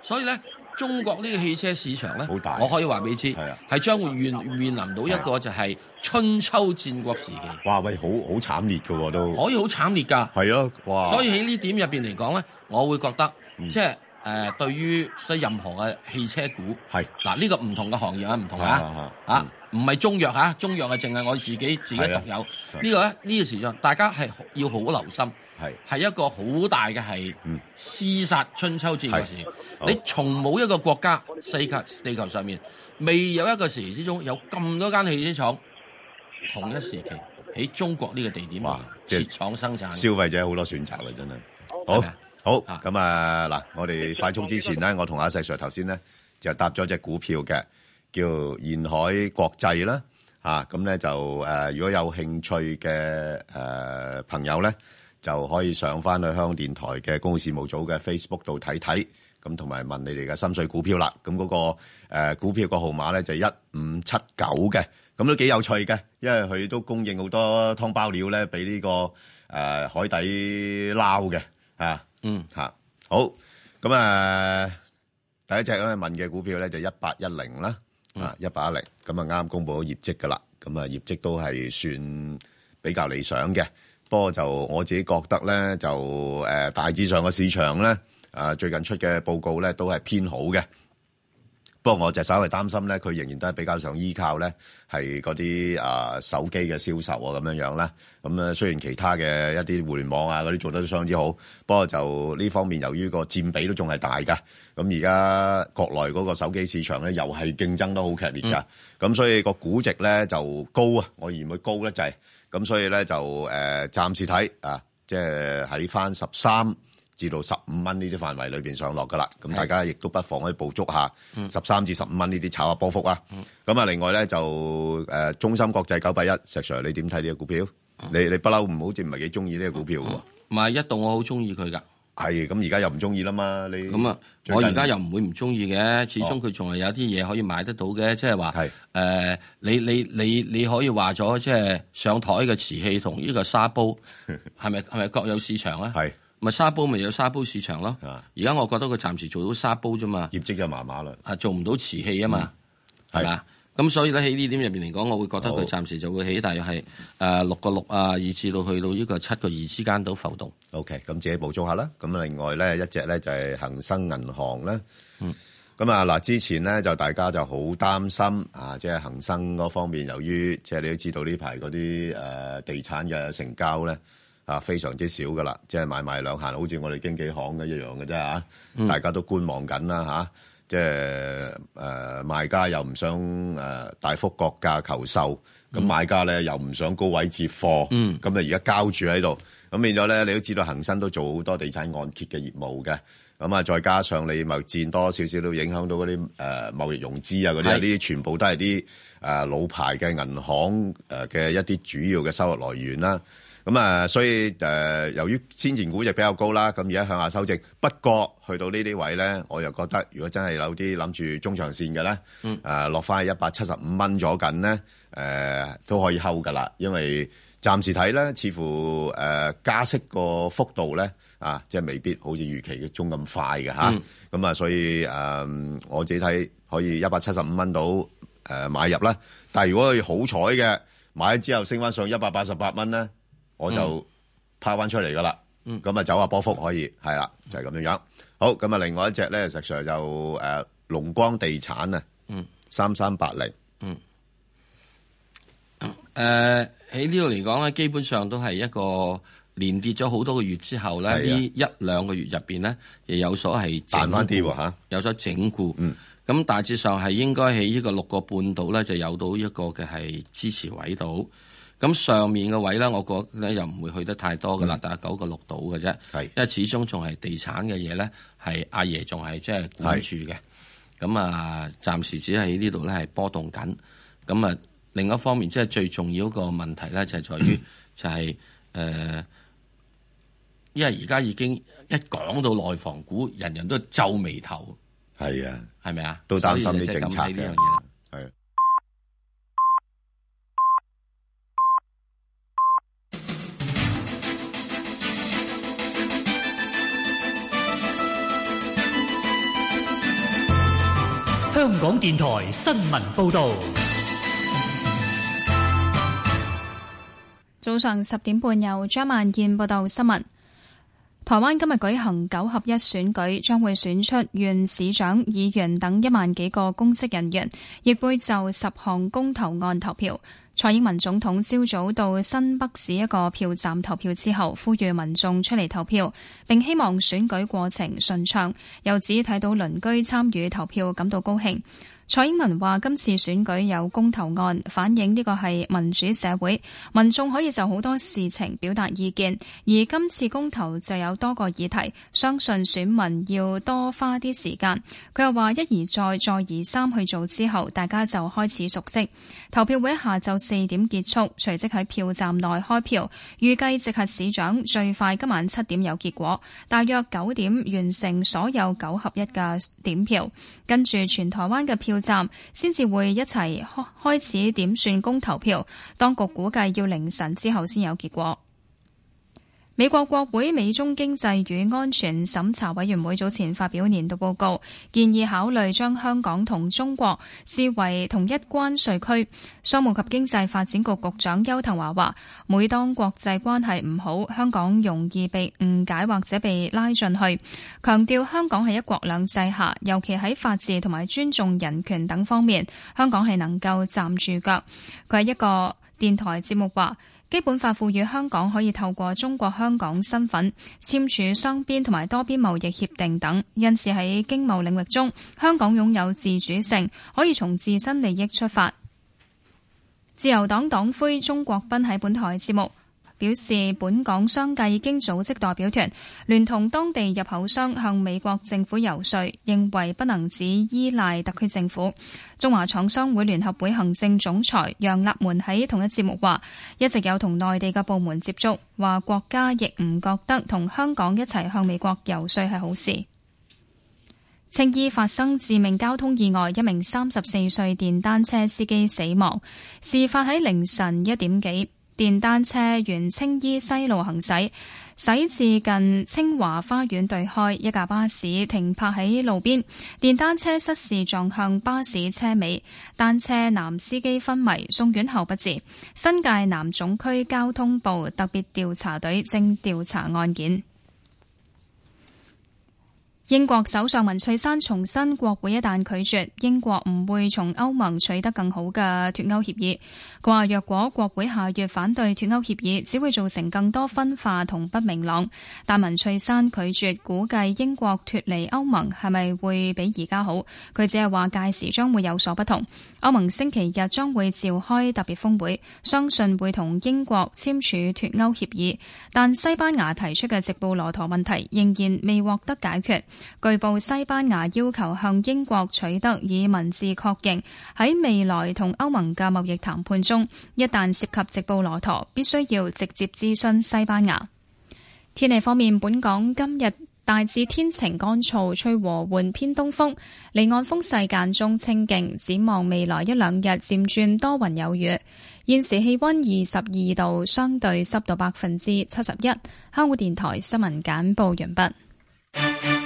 所以咧。中國呢個汽車市場咧，好大，我可以話俾你知，係啊，係將會面、啊、面臨到一個就係春秋戰國時期。哇！喂，好好慘烈嘅喎都，可以好慘烈㗎。係啊！哇！所以喺呢點入面嚟講咧，我會覺得、嗯、即係誒、呃，對於所以任何嘅汽車股係嗱呢個唔同嘅行業係唔同啊唔係、啊啊嗯、中藥啊，中藥係淨係我自己自己獨有、啊呢個、呢個咧，呢、啊呢個時段大家係要好，好留心。係係一個好大嘅，係廝殺春秋戰國時，你從冇一個國家，世界地球上面未有一個時期之中有咁多間汽車廠同一時期喺中國呢個地點設廠，就是，生產，消費者好多選擇嘅真係。好好咁啊，嗱，我哋快速之前咧，我同阿石 Sir 頭先咧就搭咗隻股票嘅，叫頤海國際啦，吓咁咧就誒、呃，如果有興趣嘅誒、呃、朋友咧。就可以上翻去香港電台嘅公共事務組嘅 Facebook 度睇睇，咁同埋問你哋嘅深水股票啦，咁、那、嗰個、呃、股票個號碼咧就一五七九嘅，咁都幾有趣嘅，因為佢都供應好多湯包料咧俾呢、這個誒、呃、海底撈嘅，嚇，嗯嚇，好，咁啊、呃、第一隻咧問嘅股票咧就一八一零啦，啊一八一零，咁啊啱公佈咗業績噶啦，咁啊業績都係算比較理想嘅。不過，就我自己覺得咧，就誒大致上嘅市場咧，啊最近出嘅報告咧都係偏好嘅。不過我就稍微擔心咧，佢仍然都係比較想依靠咧，係嗰啲啊手機嘅銷售喎，咁樣樣啦，咁咧雖然其他嘅一啲互聯網啊嗰啲做得都相當之好，不過就呢方面由於個佔比都仲係大噶，咁而家國內嗰個手機市場咧又係競爭都好劇烈噶，咁所以個估值咧就高啊，我認為高咧就係，咁所以咧就誒暫時睇啊，即係喺翻十三。至到十五蚊呢啲範圍裏面上落噶啦，咁大家亦都不妨可以捕捉下十三至十五蚊呢啲炒下波幅啊！咁啊，另外咧就中心國際九百一，石 Sir 你點睇呢個股票？嗯、你你不嬲唔好似唔係幾中意呢個股票喎、啊嗯嗯？唔、嗯、係、嗯、一度我好中意佢噶。係咁，而家又唔中意啦嘛？你咁啊，我而家又唔會唔中意嘅，始終佢仲係有啲嘢可以買得到嘅，即係話誒，你你你你可以話咗，即、就、係、係、上台嘅瓷器同呢個沙煲，係咪係咪各有市場啊？係。咪沙煲咪有沙煲市場咯，而家我覺得佢暫時做到沙煲啫嘛，業績就麻麻啦。啊，做唔到瓷器啊嘛，係、嗯、嘛？咁所以咧喺呢點入邊嚟講，我會覺得佢暫時就會起，大約係誒六個六啊，以至到去到呢個七個二之間都浮動。OK，咁自己補充下啦。咁另外咧一隻咧就係恒生銀行啦。嗯，咁啊嗱，之前咧就大家就好擔心啊，即係恒生嗰方面，由於即係你都知道呢排嗰啲誒地產嘅成交咧。啊，非常之少噶啦，即係買賣兩行，好似我哋經紀行嘅一樣嘅啫、啊嗯、大家都觀望緊啦，吓、啊，即係誒、呃，賣家又唔想誒、呃、大幅割價求售，咁、嗯、買家咧又唔想高位接貨，咁啊而家交住喺度，咁變咗咧，你都知道恒生都做好多地產按揭嘅業務嘅，咁啊再加上你咪占多少少都影響到嗰啲誒貿易融資啊嗰啲，呢啲全部都係啲誒老牌嘅銀行誒嘅一啲主要嘅收入來源啦。咁啊，所以誒、呃，由於先前估值比較高啦，咁而家向下修正。不過去到呢啲位咧，我又覺得如果真係有啲諗住中長線嘅咧，誒、嗯呃，落翻去一百七十五蚊咗緊咧，誒、呃，都可以睺噶啦。因為暫時睇咧，似乎誒、呃、加息個幅度咧啊，即係未必好似預期嘅中咁快嘅吓。咁、嗯、啊，所以誒、呃，我自己睇可以一百七十五蚊到誒買入啦。但係如果佢好彩嘅買咗之後升翻上一百八十八蚊咧。我就拋翻出嚟噶啦，咁、嗯、啊，走下波幅可以係啦、嗯，就係咁樣樣。好，咁啊，另外一隻咧，石 Sir 就誒，龍、呃、光地產啊，三三八零，嗯，誒，喺呢度嚟講咧，基本上都係一個連跌咗好多個月之後咧，呢一兩個月入邊咧，亦有所係彈翻啲吓，有所整固，嗯，咁大致上係應該喺呢個六個半度咧，就有到一個嘅係支持位度。咁上面嘅位咧，我覺得咧又唔會去得太多㗎啦，但九個六度嘅啫。係，因為始終仲係地產嘅嘢咧，係阿爺仲係即係管住嘅。咁啊，暫時只係喺呢度咧係波動緊。咁啊，另一方面即係最重要一個問題咧，就係在於 就係誒、呃，因為而家已經一講到內房股，人人都皺眉頭。係啊，係咪啊？都擔心啲政策嘅。港電台新聞報道，早上十點半由張萬燕報道新聞。台灣今日舉行九合一選舉，將會選出縣市長、議員等一萬幾個公職人員，亦會就十項公投案投票。蔡英文總統朝早到新北市一個票站投票之後，呼籲民眾出嚟投票，並希望選舉過程順暢，又指睇到鄰居參與投票感到高興。蔡英文話，今次選舉有公投案，反映呢個係民主社會民眾可以就好多事情表達意見，而今次公投就有多個議題，相信選民要多花啲時間。佢又話一而再，再而三去做之後大家就開始熟悉。投票會下晝四點結束，隨即喺票站內開票，預計直轄市長最快今晚七點有結果，大約九點完成所有九合一嘅點票，跟住全台灣嘅票，站先至會一齊開始點算公投票，當局估計要凌晨之後先有結果。美國國會美中經濟與安全審查委員會早前發表年度報告，建議考慮將香港同中國視為同一關稅區。商務及經濟發展局局長邱騰華話，每當國際關係唔好，香港容易被誤解或者被拉進去。強調香港係一國兩制下，尤其喺法治同埋尊重人權等方面，香港係能夠站住腳。佢喺一個電台節目話。基本法賦予香港可以透過中國香港身份，簽署雙邊同埋多邊貿易協定等，因此喺經貿領域中，香港擁有自主性，可以從自身利益出發。自由黨黨魁鍾國斌喺本台節目，表示，本港商界已經組織代表團，聯同當地入口商向美國政府遊說，認為不能只依賴特區政府。中華廠商會聯合會行政總裁楊立門喺同一節目話，一直有同內地嘅部門接觸，話國家亦唔覺得同香港一齊向美國遊說係好事。青衣 發生致命交通意外，一名三十四歲電單車司機死亡，事發喺凌晨一點幾。電單車沿青衣西路行駛，駛至近清華花園對開，一架巴士停泊喺路邊，電單車失事撞向巴士車尾，單車男司機昏迷，送院後不治。新界南總區交通部特別調查隊正調查案件。英國首相文翠珊重申，國會一旦拒絕，英國唔會從歐盟取得更好嘅脱歐協議。佢話若果國會下月反對脫歐協議，只會造成更多分化同不明朗。但文翠珊拒絕估計英國脫離歐盟係咪會比而家好。佢只係話屆時將會有所不同。歐盟星期日將會召開特別峰會，相信會同英國簽署脫歐協議。但西班牙提出嘅直布羅陀問題仍然未獲得解決。據報，西班牙要求向英國取得以文字確認，喺未來同歐盟嘅貿易談判中，一旦涉及直布羅陀，必須要直接諮詢西班牙。天氣方面，本港今日大致天晴乾燥，吹和緩偏東風，離岸風勢間中清勁。展望未來一兩日，漸轉多雲有雨。現時氣温二十二度，相對濕度百分之七十一。香港電台新聞簡報完畢。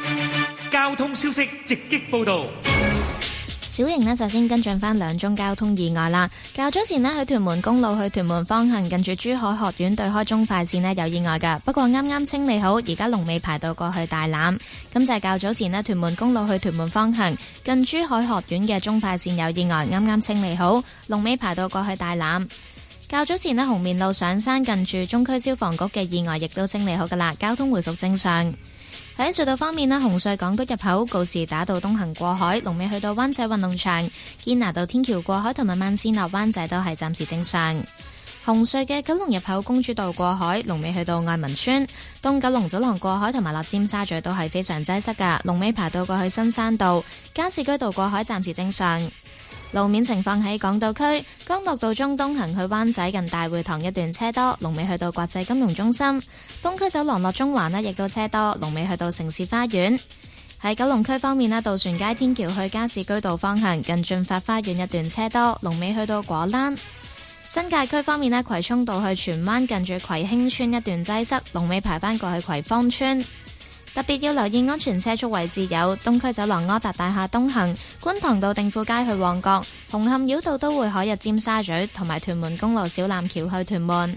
交通消息直擊報道，小瑩呢，就先跟進返兩宗交通意外啦。較早前呢，喺屯門公路去屯門方向近住珠海學院對開中快線呢，有意外噶，不過啱啱清理好，而家龍尾排到過去大欖。咁就係較早前呢，屯門公路去屯門方向近珠海學院嘅中快線有意外，啱啱清理好，龍尾排到過去大欖。較早前呢，紅棉路上山近住中區消防局嘅意外亦都清理好噶啦，交通回復正常。喺隧道方面呢，紅隧港島入口告士打道東行過海，龍尾去到灣仔運動場；堅拿道天橋過海同埋慢線落灣仔都係暫時正常。紅隧嘅九龍入口公主道過海，龍尾去到愛民村；東九龍走廊過海同埋落尖沙咀都係非常擠塞噶，龍尾爬到過去新山道、加士居道過海暫時正常。路面情況喺港島區，江樂道中東行去灣仔近大會堂一段車多，龍尾去到國際金融中心；東區走廊落中環呢，亦都車多，龍尾去到城市花園。喺九龍區方面呢，渡船街天橋去加士居道方向近駿發花園一段車多，龍尾去到果欄。新界區方面呢，葵涌道去荃灣近住葵興村一段擠塞，龍尾排返過去葵芳村。特別要留意安全車速位置有東區走廊柯達大廈東行、觀塘道定富街去旺角、紅磡繞道都會海入尖沙咀同埋屯門公路小欖橋去屯門。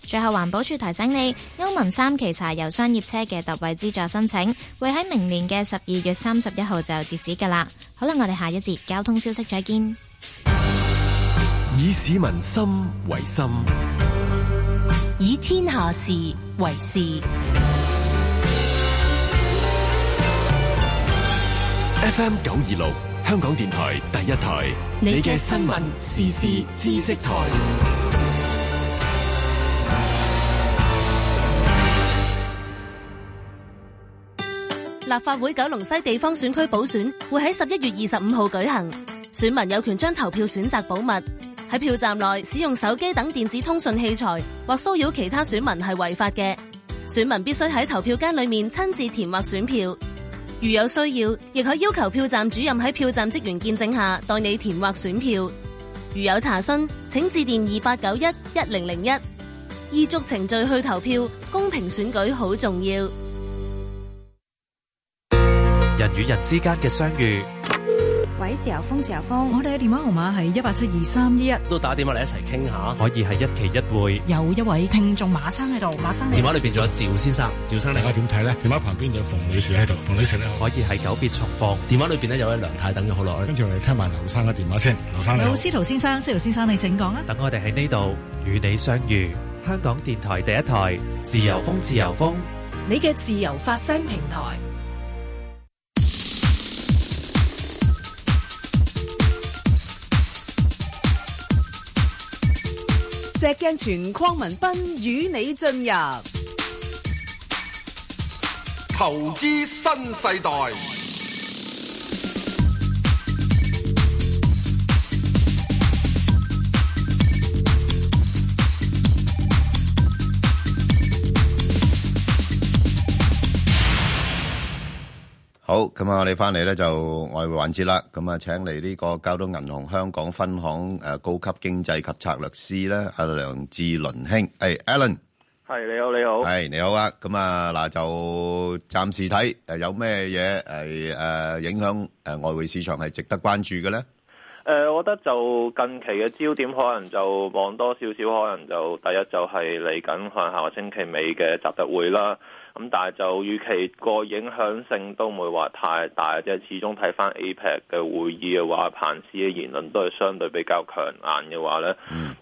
最後環保署提醒你，歐盟三期柴油商業車嘅特惠資助申請會喺明年嘅十二月三十一號就截止噶啦。好啦，我哋下一節交通消息再見。以市民心為心，以天下事為事。FM 九二六，香港電台第一台，你嘅新聞時事知識台。立法會九龍西地方選區補選會喺十一月二十五號舉行，選民有權將投票選擇保密。喺票站內使用手機等電子通訊器材或騷擾其他選民係違法嘅。選民必須喺投票間裏面親自填劃選票。如有需要，亦可要求票站主任喺票站職員見證下，代你填劃選票。如有查詢，請致電二八九一一零零一。依足程序去投票，公平選舉好重要。人與人之間嘅相遇。喂，自由風，自由風，我哋嘅電話號碼係一八七二三一一，都打電話嚟，一齊傾下，可以係一期一會。有一位聽眾馬生喺度，馬生你。電話裏邊仲有趙先生，趙生你。大家點睇咧？電話旁邊仲有馮女士喺度，馮女士咧可以係久別重逢。電話裏邊咧有一位梁太等咗好耐。跟住我哋聽埋劉生嘅電話先，劉生你好，司徒先生，司徒先生你請講啊。等我哋喺呢度與你相遇，香港電台第一台，自由風，自由風，自由風你嘅自由發聲平台。石鏡泉鄺民彬與你進入投資新世代。好，咁啊，我哋翻嚟咧就外匯環節啦，咁啊，請嚟呢個交通銀行香港分行誒高級經濟及策略師咧，阿梁志倫兄，誒、hey，Alan，係你好，你好，係你好啊，咁啊嗱，就暫時睇誒有咩嘢誒誒影響誒外匯市場係值得關注嘅咧？誒、呃，我覺得就近期嘅焦點可能就望多少少，可能就第一就係嚟緊下可能下個星期尾嘅習特會啦。咁但係就預期個影響性都唔會話太大，即係始終睇翻 APEC 嘅會議嘅話，彭斯嘅言論都係相對比較強硬嘅話咧。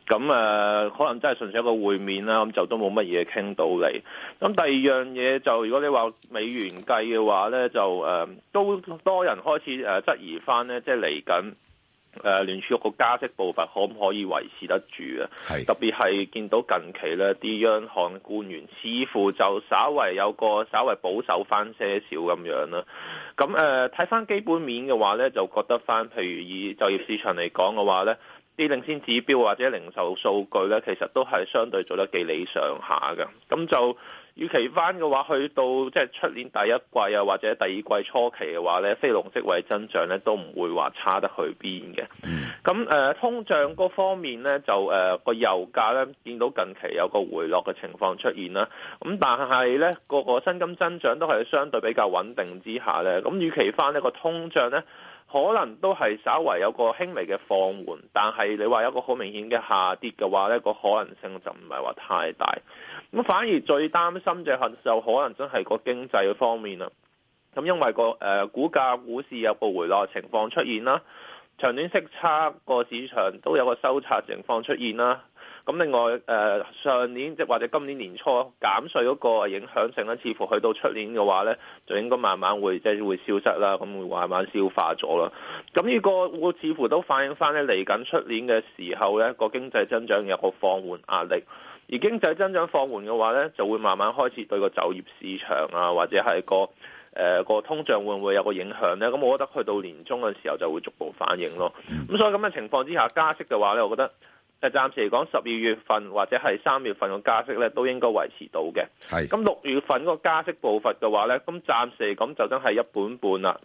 咁、嗯、誒、呃、可能真係純粹一個會面啦，咁就都冇乜嘢傾到嚟。咁第二樣嘢就如果你話美元計嘅話咧，就誒、呃、都多人開始質疑翻咧，即係嚟緊。誒、呃、聯儲局個加息步伐可唔可以維持得住啊？係。特別係見到近期咧，啲央行官員似乎就稍為有個稍為保守翻些少咁樣啦。咁誒睇翻基本面嘅話咧，就覺得翻，譬如以就業市場嚟講嘅話咧，啲領先指標或者零售數據咧，其實都係相對做得幾理想下嘅。咁就預期翻嘅話，去到即係出年第一季啊，或者第二季初期嘅話咧，非農職位增長咧都唔會話差得去邊嘅。咁誒、呃、通脹嗰方面咧，就誒個、呃、油價咧見到近期有個回落嘅情況出現啦。咁但係咧個個薪金增長都係相對比較穩定之下咧。咁預期翻呢個通脹咧，可能都係稍為有個輕微嘅放緩，但係你話有一個好明顯嘅下跌嘅話呢，個可能性就唔係話太大。咁反而最擔心嘅就是可能真係個經濟方面啦。咁因為個誒股價股市有個回落的情況出現啦，長短息差個市場都有個收窄情況出現啦。咁另外誒、呃、上年即或者今年年初減稅嗰個影響性咧，似乎去到出年嘅話咧，就應該慢慢會即係會消失啦，咁會慢慢消化咗啦。咁呢個似乎都反映翻咧嚟緊出年嘅時候咧，個經濟增長有個放緩壓力。而經濟增長放緩嘅話咧，就會慢慢開始對個就業市場啊，或者係個誒個、呃、通脹會唔會有個影響咧？咁我覺得去到年中嘅時候就會逐步反映咯。咁所以咁嘅情況之下，加息嘅話咧，我覺得。誒暫時嚟講，十二月份或者係三月份嘅加息咧，都應該維持到嘅。係咁六月份個加息步伐嘅話咧，咁暫時嚟講就真係一半半啦。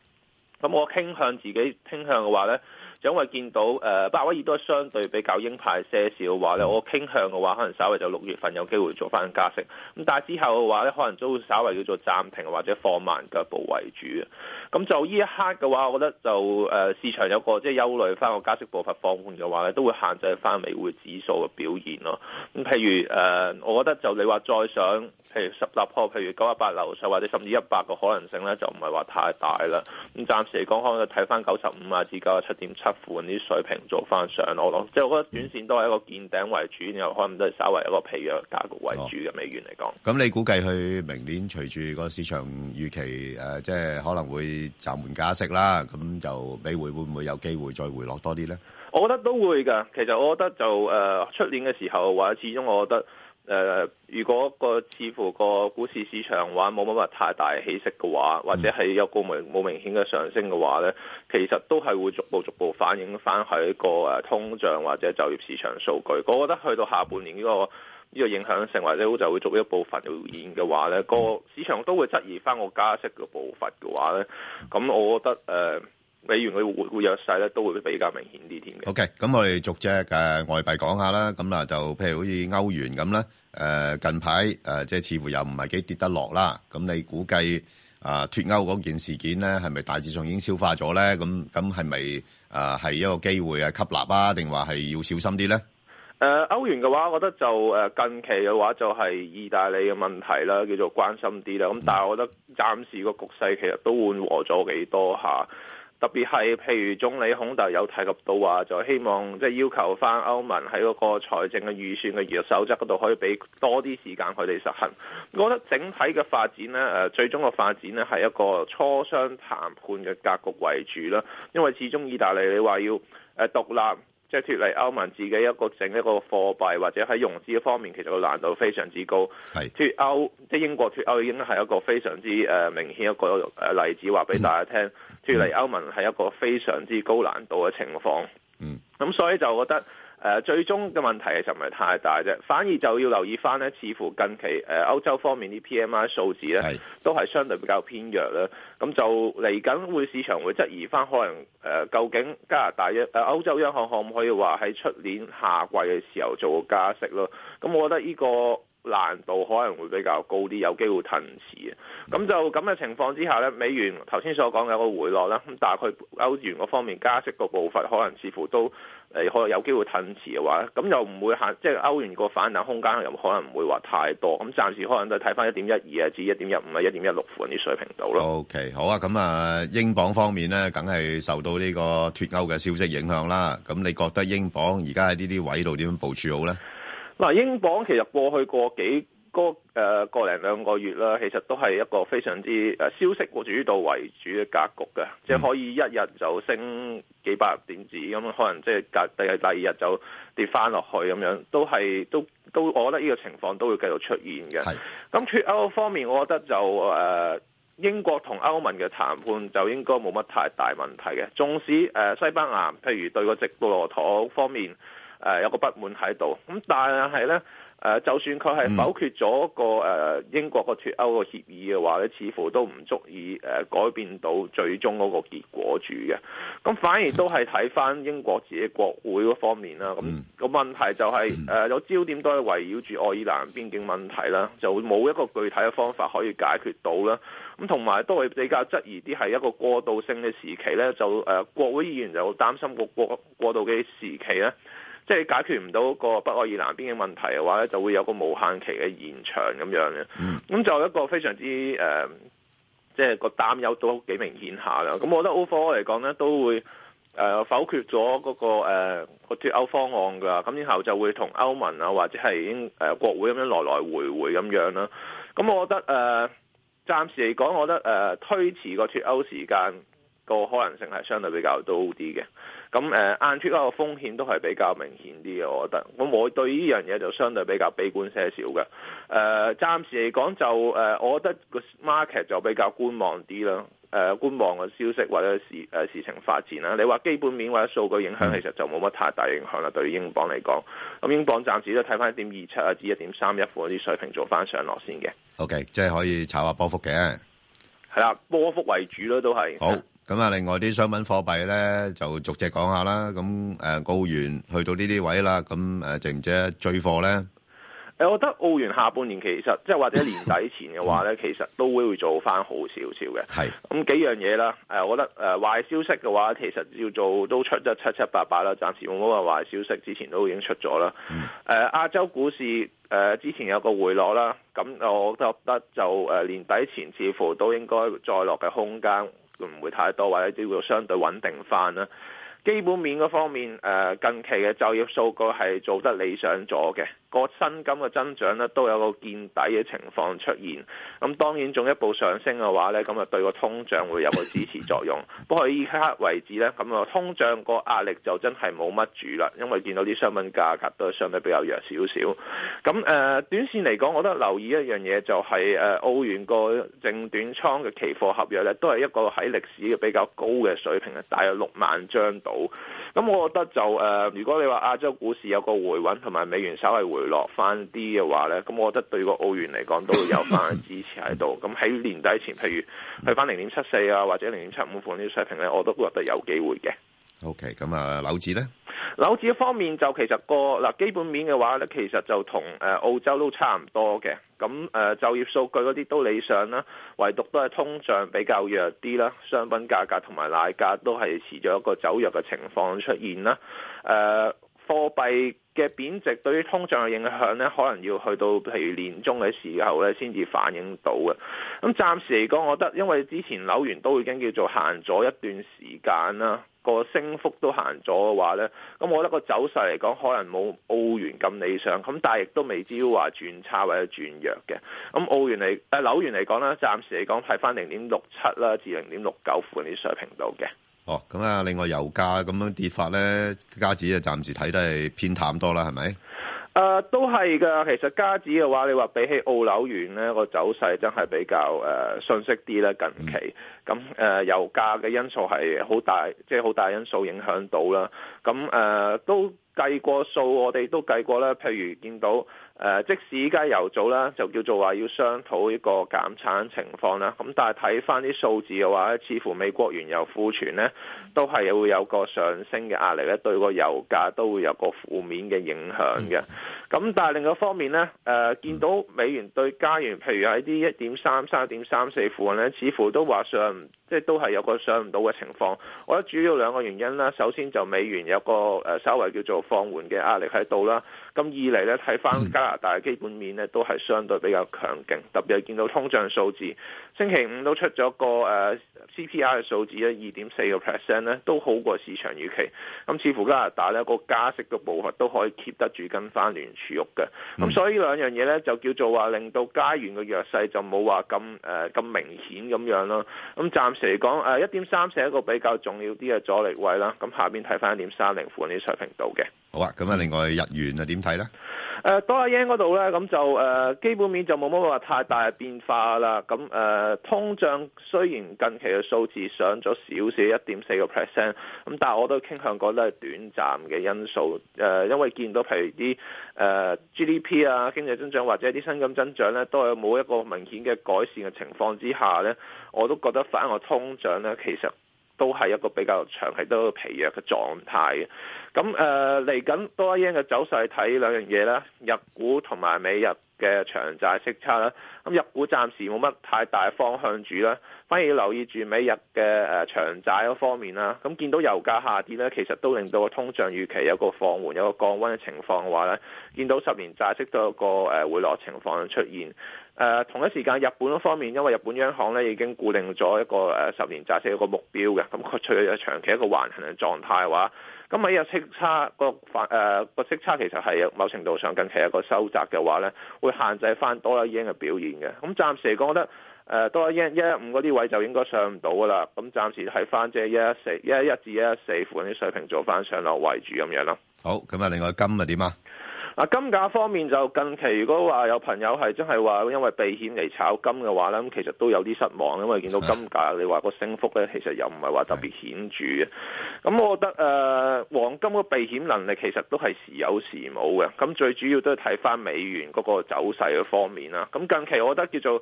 咁我傾向自己傾向嘅話咧。因為見到誒，鮑、呃、威爾都係相對比較鷹派些少嘅話咧，我傾向嘅話，可能稍微就六月份有機會做翻加息，咁但係之後嘅話咧，可能都會稍微叫做暫停或者放慢腳步為主。咁就呢一刻嘅話，我覺得就誒、呃、市場有個即係憂慮翻個加息步伐放緩嘅話咧，都會限制翻美匯指數嘅表現咯。咁譬如誒、呃，我覺得就你話再上，譬如十、立 p 譬如九一八樓上或者甚至一百個可能性咧，就唔係話太大啦。咁暫時嚟講，可能睇翻九十五啊至九十七點七。換啲水平做翻上落咯，即係我覺得短線都係一個見頂為主，然後可能都係稍為一個疲弱格局為主嘅美元嚟講。咁你估計佢明年隨住個市場預期誒、呃，即係可能會暫緩加息啦，咁就美匯會唔會，會有機會再回落多啲咧？我覺得都會㗎。其實我覺得就誒出年嘅時候，或者始終我覺得。誒、呃，如果個似乎個股市市場話冇乜乜太大起色嘅話，或者係有個明冇明顯嘅上升嘅話呢，其實都係會逐步逐步反映翻喺個、啊、通脹或者就業市場數據。我覺得去到下半年呢、這個呢、這個影響性或者就會逐一部分表現嘅話呢，個市場都會質疑翻個加息嘅步伐嘅話呢，咁我覺得誒。呃美元佢會會弱勢咧，都會比較明顯啲添嘅。OK，咁我哋逐隻誒外幣講下啦。咁啊，就譬如好似歐元咁啦，誒近排誒即係似乎又唔係幾跌得落啦。咁你估計啊，脱歐嗰件事件咧，係咪大致上已經消化咗咧？咁咁係咪誒係一個機會啊？吸納啊，定話係要小心啲咧？誒歐元嘅話，我覺得就近期嘅話就係意大利嘅問題啦，叫做關心啲啦。咁、嗯、但係我覺得暫時個局勢其實都緩和咗幾多下。特別係譬如總理孔特有提及到話，就希望即係要求翻歐盟喺嗰個財政嘅預算嘅預約守則嗰度，可以俾多啲時間佢哋實行。我覺得整體嘅發展呢，誒最終嘅發展呢，係一個磋商談判嘅格局為主啦，因為始終意大利你話要誒獨立。即係脫離歐盟自己一個整一個貨幣，或者喺融資方面，其實個難度非常之高係。脫歐，即係英國脫歐已經係一個非常之明顯一個例子，話俾大家聽。嗯。脫離歐盟係一個非常之高難度嘅情況。嗯，咁所以就覺得。誒、呃、最終嘅問題就唔係太大啫，反而就要留意翻咧，似乎近期誒、呃、歐洲方面啲 PMI 數字咧，都係相對比較偏弱啦。咁就嚟緊會市場會質疑翻，可能誒、呃、究竟加拿大一誒、呃、歐洲央行可唔可以話喺出年夏季嘅時候做個加息咯？咁我覺得呢、這個。難度可能會比較高啲，有機會褪遲。咁就咁嘅情況之下呢，美元頭先所講嘅個回落啦，咁但係佢歐元嗰方面加息個步伐可能似乎都可能有機會褪遲嘅話，咁又唔會行，即係歐元個反彈空間又可能唔會話太多。咁暫時可能就睇翻一點一二至一點一五、一點一六附近啲水平度咯。OK，好啊。咁啊，英鎊方面呢，梗係受到呢個脱歐嘅消息影響啦。咁你覺得英鎊而家喺呢啲位度點樣部署好呢？嗱，英鎊其實過去過幾個誒零兩個月啦，其實都係一個非常之，呃、消息過主導為主嘅格局嘅，即係可以一日就升幾百點子咁，嗯，可能即係隔第第二日就跌翻落去咁樣，都係都都，我覺得呢個情況都會繼續出現嘅。咁脱，嗯、歐方面，我覺得就，呃、英國同歐盟嘅談判就應該冇乜太大問題嘅，縱使，呃、西班牙譬如對個直布羅陀方面。誒、呃、有個不滿喺度，咁但係咧誒，就算佢係否決咗個誒、呃、英國個脱歐個協議嘅話咧，似乎都唔足以誒、呃、改變到最終嗰個結果住嘅。咁、嗯、反而都係睇翻英國自己國會嗰方面啦。咁、嗯、個問題就係、是、誒、呃、有焦點都係圍繞住愛爾蘭邊境問題啦、嗯，就冇一個具體嘅方法可以解決到啦。咁同埋都係比較質疑啲係一個過渡性嘅時期咧，就誒、呃、國會議員就擔心個過過,過渡嘅時期咧。即係解決唔到個北愛爾蘭邊境問題嘅話咧，就會有個無限期嘅延長咁樣嘅。咁就一個非常之誒，即、呃、係、就是、個擔憂都幾明顯下啦。咁我覺得歐方嚟講咧，都會誒、呃、否決咗嗰、那個誒個脱歐方案噶。咁然後就會同歐盟啊或者係誒、呃、國會咁樣來來回回咁樣啦。咁我覺得誒，暫、呃、時嚟講，我覺得誒、呃、推遲個脱歐時間、那個可能性係相對比較多啲嘅。咁誒，眼出嗰個風險都係比較明顯啲嘅，我覺得。咁我對呢樣嘢就相對比較悲觀些少嘅。誒、呃，暫時嚟講就誒、呃，我覺得個 market 就比較觀望啲啦。誒、呃，觀望個消息或者事、呃、事情發展啦。你話基本面或者數據影響，其實就冇乜太大影響啦、嗯。對英鎊嚟講，咁英鎊暫時都睇翻一點二七啊，至一點三一嗰啲水平做翻上落先嘅。OK，即係可以炒下波幅嘅、啊。係啦，波幅為主咯，都係。好。咁啊，另外啲商品貨幣咧，就逐隻講下啦。咁誒，澳元去到呢啲位啦，咁誒值唔值追貨咧？誒，我覺得澳元下半年其實即係或者年底前嘅話咧， 其實都會會做翻好少少嘅。係咁幾樣嘢啦。誒，我覺得誒壞消息嘅話，其實要做都出得七七八八啦。暫時冇乜壞消息，之前都已經出咗啦。誒， 亞洲股市誒之前有個回落啦，咁我覺得就誒年底前似乎都應該再落嘅空間。唔會太多，或者叫會相對穩定翻啦。基本面嗰方面，誒近期嘅就業數據係做得理想咗嘅。個薪金嘅增長呢都有個見底嘅情況出現，咁當然進一步上升嘅話呢，咁啊對個通脹會有個支持作用。不過依刻為止呢，咁啊通脹個壓力就真係冇乜住啦，因為見到啲商品價格都相對比較弱少少。咁短線嚟講，我覺得留意一樣嘢就係誒澳元個正短倉嘅期貨合約呢，都係一個喺歷史嘅比較高嘅水平咧，大約六萬張到。咁我覺得就如果你話亞洲股市有個回穩同埋美元稍為回穩，回落翻啲嘅話咧，咁我覺得對個澳元嚟講都會有翻支持喺度。咁喺年底前，譬如去翻零點七四啊，或者零點七五款呢啲水平咧，我都覺得有機會嘅。OK，咁啊，樓指咧，樓指方面就其實個嗱基本面嘅話咧，其實就同澳洲都差唔多嘅。咁就業數據嗰啲都理想啦，唯獨都係通脹比較弱啲啦，商品價格同埋奶價都係持續一個走弱嘅情況出現啦。誒貨嘅貶值對於通脹嘅影響呢，可能要去到譬如年中嘅時候呢先至反映到嘅。咁暫時嚟講，我覺得因為之前紐元都已經叫做行咗一段時間啦，個升幅都行咗嘅話呢，咁我覺得個走勢嚟講，可能冇澳元咁理想。咁但係亦都未至於話轉差或者轉弱嘅。咁澳元嚟，誒紐元嚟講呢，暫時嚟講睇翻零點六七啦，至零點六九附近啲水平度嘅。哦，咁啊，另外油價咁樣跌法咧，加紙啊暫時睇得係偏淡多啦，係咪？誒、呃，都係噶。其實加紙嘅話，你話比起澳紐元咧，個走勢真係比較誒相似啲啦。近期咁誒、呃呃，油價嘅因素係好大，即係好大因素影響到啦。咁、呃、誒都計過數，我哋都計過啦。譬如見到。誒，即使依家油組啦，就叫做話要商討一個減產情況啦。咁但係睇翻啲數字嘅話，似乎美國原油庫存咧都係會有個上升嘅壓力咧，對個油價都會有個負面嘅影響嘅。咁但係另一方面呢，誒、呃、見到美元對加元，譬如喺啲一點三、三點三四附近呢，似乎都話上，即係都係有個上唔到嘅情況。我覺得主要兩個原因啦，首先就美元有個稍微叫做放緩嘅壓力喺度啦。咁二嚟咧睇翻加拿大嘅基本面咧，都係相對比較強勁，特別係見到通脹數字，星期五都出咗個誒 CPI 嘅數字咧，二點四個 percent 咧，都好過市場預期。咁似乎加拿大呢個加息嘅步伐都可以 keep 得住跟翻聯儲喐嘅。咁、嗯、所以兩樣嘢咧就叫做話令到加元嘅弱勢就冇話咁誒咁明顯咁樣啦。咁暫時嚟講誒，一點三四係一個比較重要啲嘅阻力位啦。咁下面睇翻一點三零附近啲水平度嘅。好啊，咁啊，另外日元、嗯、啊，點睇咧？誒，多阿 yen 嗰度咧，咁就誒，基本面就冇乜話太大嘅變化啦。咁誒、呃，通脹雖然近期嘅數字上咗少少一點四個 percent，咁但係我都傾向覺得係短暫嘅因素。誒、呃，因為見到譬如啲誒、呃、GDP 啊，經濟增長或者啲薪金增長咧，都係冇一個明顯嘅改善嘅情況之下咧，我都覺得反而通脹咧，其實。都係一個比較長期都疲弱嘅狀態，咁誒嚟緊多一啲嘅走勢睇兩樣嘢啦，日股同埋美日嘅長債息差咧，咁日股暫時冇乜太大方向住啦，反而留意住美日嘅誒長債嗰方面啦，咁見到油價下跌呢，其實都令到個通脹預期有個放緩、有個降溫嘅情況嘅話呢，見到十年債息都有個誒回落情況出現。誒，同一時間，日本方面，因為日本央行咧已經固定咗一個誒十年債息一個目標嘅，咁佢處於長期一個橫行嘅狀態嘅話，咁咪日息差、嗰個反誒、嗰個、息差其實係某程度上近期有個收窄嘅話咧，會限制翻多啦，英嘅表現嘅。咁暫時覺得誒多啦英一一五嗰啲位就應該上唔到噶啦，咁暫時係翻即係一一四、一一一至一一四附近水平做翻上落為主咁樣咯。好，咁啊，另外金啊點啊？啊，金價方面就近期如果話有朋友係真係話因為避險嚟炒金嘅話呢，咁其實都有啲失望，因為見到金價你話個升幅呢，其實又唔係話特別顯著嘅。咁我覺得誒、呃，黃金個避險能力其實都係時有時冇嘅。咁最主要都係睇翻美元嗰個走勢嘅方面啦。咁近期我覺得叫做。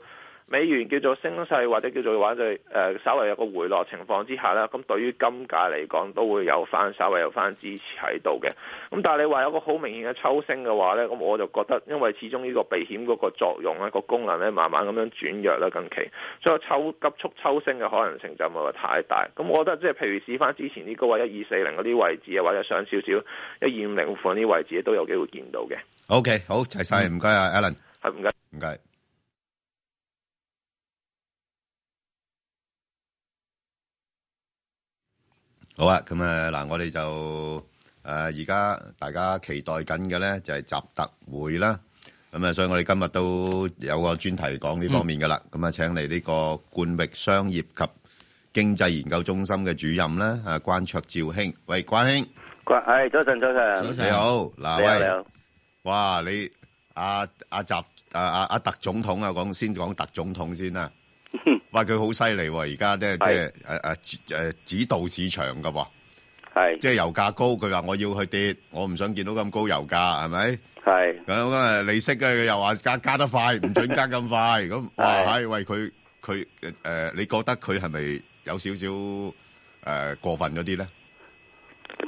美元叫做升勢或者叫做話就誒稍微有個回落情況之下啦，咁對於金價嚟講都會有翻稍微有翻支持喺度嘅。咁但係你話有個好明顯嘅抽升嘅話咧，咁我就覺得因為始終呢個避險嗰個作用咧、個功能咧慢慢咁樣轉弱啦近期，所以抽急速抽升嘅可能性就冇話太大。咁我覺得即係譬如試翻之前呢個位一二四零嗰啲位置啊，或者上少少一二五零附近啲位置都有機會見到嘅。OK，好，齊晒，唔該啊 Allen，係，唔該唔該。好啊，咁啊嗱，我哋就誒而家大家期待緊嘅咧，就係習特會啦。咁啊，所以我哋今日都有個專題講呢方面噶啦。咁啊，請嚟呢個冠域商業及經濟研究中心嘅主任啦，阿關焯照兄，喂，關兄，關，係早晨，早晨，你好，你好，哇，你阿阿習，阿阿阿特總統啊，講先講特總統先啊。話佢好犀利喎，而家即係即係誒誒誒，指導市場噶，係即係油價高，佢話我要去跌，我唔想見到咁高油價，係咪？係咁啊，利息佢又話加加得快，唔准加咁快，咁 哇係、哎、喂，佢佢誒你覺得佢係咪有少少誒過分咗啲咧？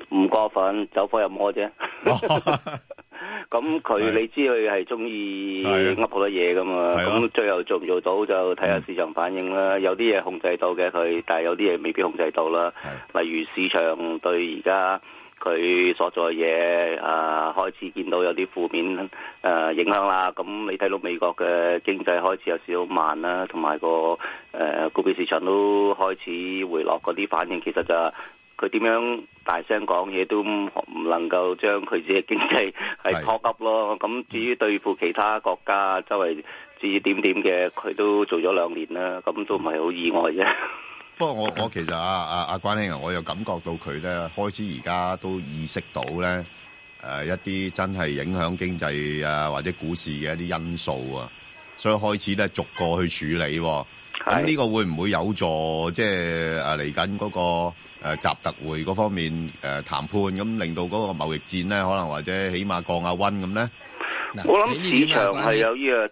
唔過分，走火入魔啫。 咁佢你知佢係中意噏好多嘢噶嘛？咁最後做唔做到就睇下市場反應啦，嗯。有啲嘢控制到嘅佢，但係有啲嘢未必控制到啦。例如市場對而家佢所做嘅嘢，啊、開始見到有啲負面，啊、影響啦。咁你睇到美國嘅經濟開始有少少慢啦，同埋個誒股票市場都開始回落嗰啲反應，其實就是、～佢點樣大聲講嘢都唔能夠將佢自己經濟係托急咯。咁至於對付其他國家周圍指指點點嘅，佢都做咗兩年啦。咁都唔係好意外啫。不過我我其實啊啊啊關兄啊，我又感覺到佢咧開始而家都意識到咧誒一啲真係影響經濟啊或者股市嘅一啲因素啊，所以開始咧逐個去處理，咁呢個會唔會有助即係嚟緊嗰個？誒、呃、習特會嗰方面，呃、談判，咁令到嗰個貿易戰咧，可能或者起碼降下溫咁咧。我諗市場有、啊、係有呢個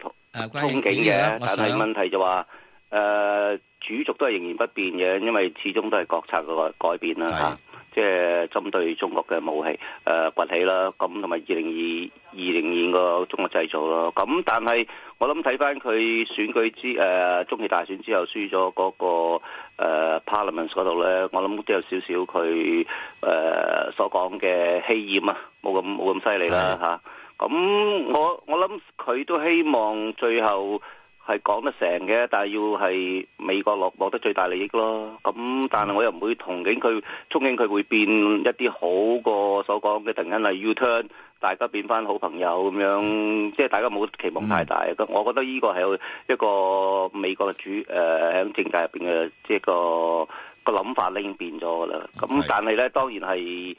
憧憬嘅，但係問題就話，是呃、主軸都係仍然不變嘅，因為始終都係國策嘅改變啦嚇即係針對中國嘅武器誒崛起啦，咁同埋二零二二零二個中國製造咯。咁但係我諗睇返佢選舉之誒中期大選之後輸咗嗰個誒 Parliament 嗰度咧，我諗都有少少佢誒所講嘅氣焰啊，冇咁，冇咁犀利啦吓。咁我我諗佢都希望最後。係講得成嘅，但係要係美國落落得最大利益咯。咁但係我又唔會同情佢，憧憬佢會變一啲好過所講嘅突然嚟 U turn，大家變翻好朋友咁樣，嗯、即係大家冇期望太大。咁、嗯、我覺得呢個係一個美國嘅主誒喺、呃、政界入邊嘅即係個個諗法咧已經變咗噶啦。咁但係咧當然係。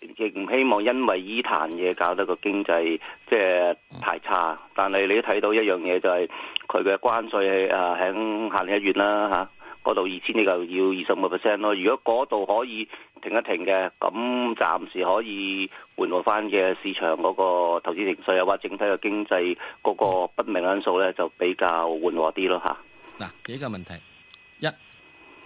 亦唔希望因為呢壇嘢搞得個經濟即係太差，但係你都睇到一樣嘢就係佢嘅關稅係啊喺下年一月啦吓，嗰度二千呢就要二十五個 percent 咯。如果嗰度可以停一停嘅，咁暫時可以緩和翻嘅市場嗰個投資情緒，又或整體嘅經濟嗰個不明因素咧，就比較緩和啲咯吓。嗱、啊啊，幾個問題，一，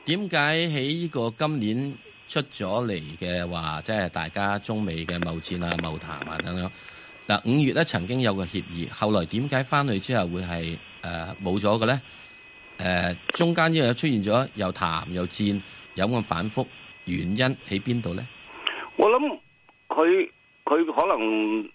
點解喺呢個今年？出咗嚟嘅話，即係大家中美嘅貿戰啊、貿談啊等等。嗱，五月咧曾經有個協議，後來點解翻去之後會係誒冇咗嘅咧？誒，中間因為出現咗又談又戰，有咁反覆，原因喺邊度咧？我諗佢佢可能。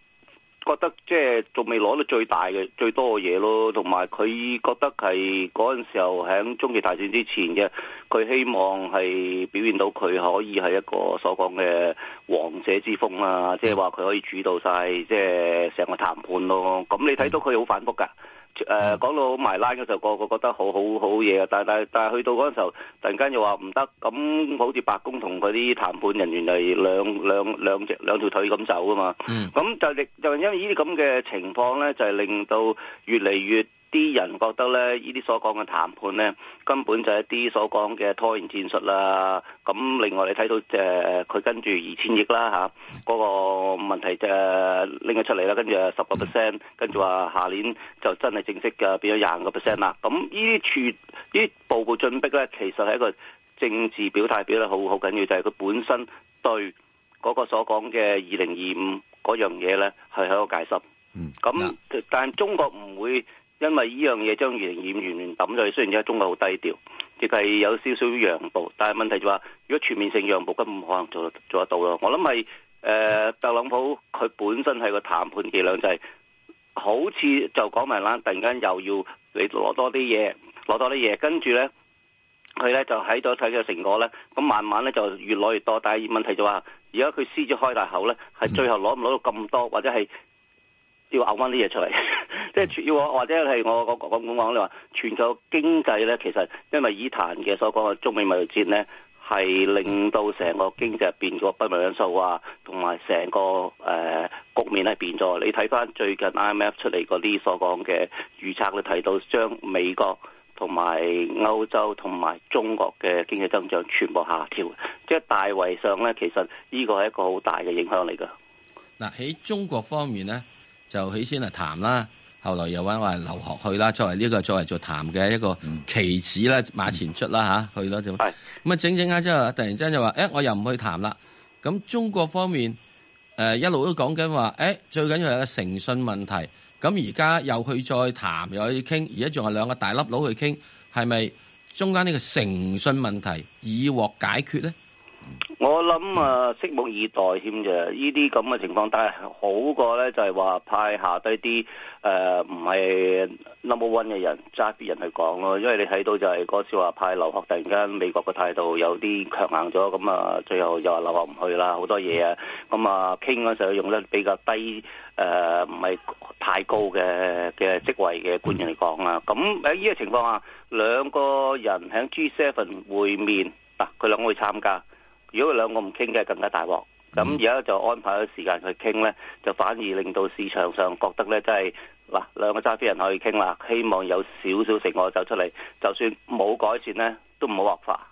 覺得即係仲未攞到最大嘅最多嘅嘢咯，同埋佢覺得係嗰陣時候喺中期大戰之前嘅，佢希望係表現到佢可以係一個所講嘅王者之風啊，即係話佢可以主導晒，即係成個談判咯。咁你睇到佢好反覆㗎。誒、嗯，講到埋單嗰時候，個個覺得好好好嘢啊！但但但係去到嗰陣時候，突然間又話唔得，咁好似白宮同佢啲談判人員就係兩兩兩隻兩條腿咁走啊嘛！咁、嗯、就亦就係因為這這呢啲咁嘅情況咧，就係、是、令到越嚟越。啲人覺得咧，呢啲所講嘅談判咧，根本就係一啲所講嘅拖延戰術啦。咁另外你睇到誒，佢、呃、跟住二千億啦嗰、啊嗰個問題就拎咗出嚟啦，跟住十個 percent，跟住話下年就真係正式嘅變咗廿個 percent 啦。咁呢啲處，呢步步進逼咧，其實係一個政治表態表得好好緊要，就係、是、佢本身對嗰個所講嘅二零二五嗰樣嘢咧，係喺度戒心。嗯。咁但係中國唔會。因為呢樣嘢將原漸完全抌咗，雖然而家中國好低調，亦係有少少讓步，但係問題就話，如果全面性讓步，咁唔可能做做得到咯。我諗係誒特朗普佢本身係個談判伎倆，就是，就係好似就講埋啦，突然間又要你攞多啲嘢，攞多啲嘢，跟住呢，佢呢就喺度睇嘅成果呢，咁慢慢呢就越攞越多，但係問題就話，而家佢獅子開大口呢，係最後攞唔攞到咁多，或者係？要咬翻啲嘢出嚟，即係要或者係我我講講講你話全球經濟咧，其實因為以檀嘅所講嘅中美貿易戰咧，係令到成個經濟變咗不明因素啊，同埋成個誒局面咧變咗。你睇翻最近 IMF 出嚟嗰啲所講嘅預測，你睇到將美國同埋歐洲同埋中國嘅經濟增長全部下調，即係大圍上咧，其實呢個係一個好大嘅影響嚟噶。嗱，喺中國方面咧，就起先嚟談啦，後來又搵我嚟劉鶴去啦，作為呢個作為做談嘅一個棋子啦，馬前卒啦吓、啊，去啦、嗯、就咁。咁啊，整整下啊，之後突然間就話，誒、欸，我又唔去談啦。咁中國方面誒、呃，一路都講緊話，誒、欸，最緊要係個誠信問題。咁而家又去再談，又去傾，而家仲有兩個大粒佬去傾，係咪中間呢個誠信問題已獲解決咧？我諗啊，拭目以待添咋？呢啲咁嘅情況，但係好過咧，就係話派下低啲誒，唔係 number one 嘅人揸啲人去講咯。因為你睇到就係嗰次話派劉鶴，突然間美國嘅態度有啲強硬咗，咁啊，最後又話劉鶴唔去啦，好多嘢啊。咁啊，傾嗰時候用得比較低誒，唔係太高嘅嘅職位嘅官員嚟講啦。咁喺呢個情況下，兩個人喺 G seven 會面，嗱，佢兩個會參加。如果兩個唔傾嘅更加大鑊，咁而家就安排咗時間去傾呢就反而令到市場上覺得呢，真係嗱兩個揸飛人可以傾啦，希望有少少成果走出嚟，就算冇改善呢，都唔好惡化。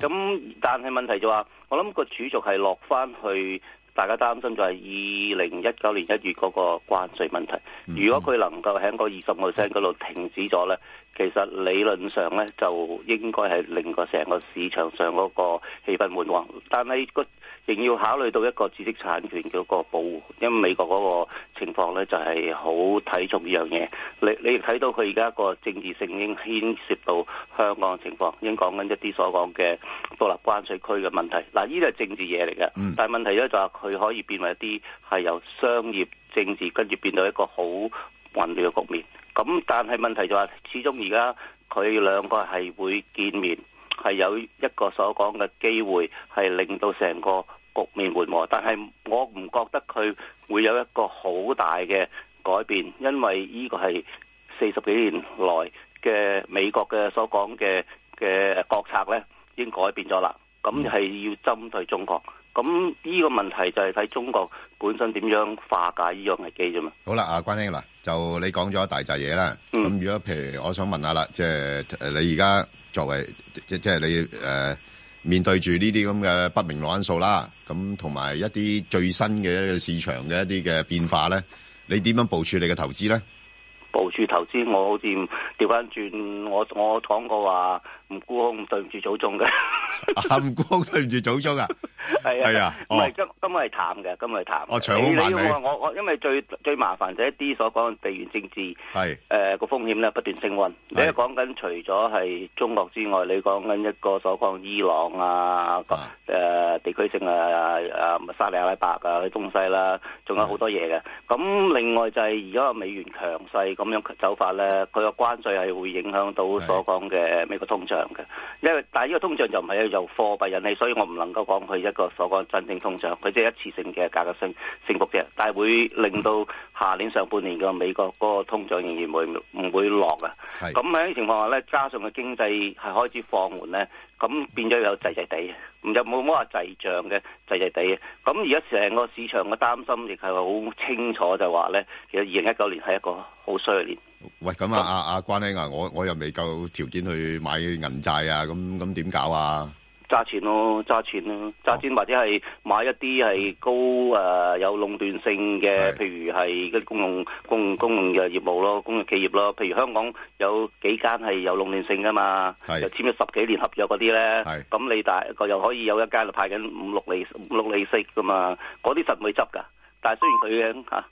咁但係問題就話，我諗個主軸係落翻去。大家擔心就係二零一九年一月嗰個關稅問題，如果佢能夠喺個二十個 percent 嗰度停止咗咧，其實理論上咧就應該係令個成個市場上嗰個氣氛活旺，但係、那個仍要考慮到一個知識產權嗰個保護，因為美國嗰個情況咧就係好睇重呢樣嘢。你你亦睇到佢而家個政治性已經牽涉到香港嘅情況，已經講緊一啲所講嘅獨立關稅區嘅問題。嗱，呢啲係政治嘢嚟嘅，但係問題咧就係佢可以變為一啲係由商業政治跟住變到一個好混亂嘅局面。咁但係問題就係始終而家佢兩個係會見面。係有一個所講嘅機會，係令到成個局面緩和。但係我唔覺得佢會有一個好大嘅改變，因為呢個係四十幾年來嘅美國嘅所講嘅嘅國策咧，已經改變咗啦。咁係要針對中國。咁呢個問題就係睇中國本身點樣化解呢樣危機啫嘛。好啦，阿鄺兄嗱，就你講咗一大陣嘢啦。咁如果譬如我想問下啦，即係呃你而家。作為即即係你誒、呃、面對住呢啲咁嘅不明朗因素啦，咁同埋一啲最新嘅市場嘅一啲嘅變化咧，你點樣部署你嘅投資咧？部署投資，我好似調翻轉，我我講過話唔沽空，對唔住祖宗嘅，唔沽空對唔住祖宗噶，係啊，唔係今今日係淡嘅，今日係淡、oh。我我因為最最麻煩就一啲所講地緣政治，個、呃、風險咧不斷升溫。你講緊除咗係中國之外，你講緊一個所講伊朗啊、ah. 呃，地區性啊啊沙地阿拉伯啊東西啦、啊，仲有好多嘢嘅。咁另外就係而家個美元強勢咁樣走法咧，佢個關稅係會影響到所講嘅美國通脹嘅，因為但係呢個通脹就唔係由貨幣引起，所以我唔能夠講佢一個所講真正通脹，佢即係一次性嘅價格升升幅嘅，但係會令到。下年上半年嘅美國嗰個通脹仍然會唔會落啊。咁喺情況下咧，加上個經濟係開始放緩咧，咁變咗有滯滯地，唔又冇乜話滯脹嘅滯滯地。咁而家成個市場嘅擔心亦係好清楚，就話、是、咧，其實二零一九年係一個好衰年。喂，咁啊，阿、嗯、阿、啊啊、鄺兄啊，我我又未夠條件去買銀債啊，咁咁點搞啊？揸錢咯、啊，揸錢啦、啊，揸錢或者係買一啲係高誒、呃、有壟斷性嘅，譬如係啲公用公用公用嘅業務咯，公用企業咯，譬如香港有幾間係有壟斷性噶嘛，又簽咗十幾年合約嗰啲咧，咁你大個又可以有一間就派緊五六釐五六釐息噶嘛，嗰啲實唔會執㗎，但係雖然佢嘅嚇。啊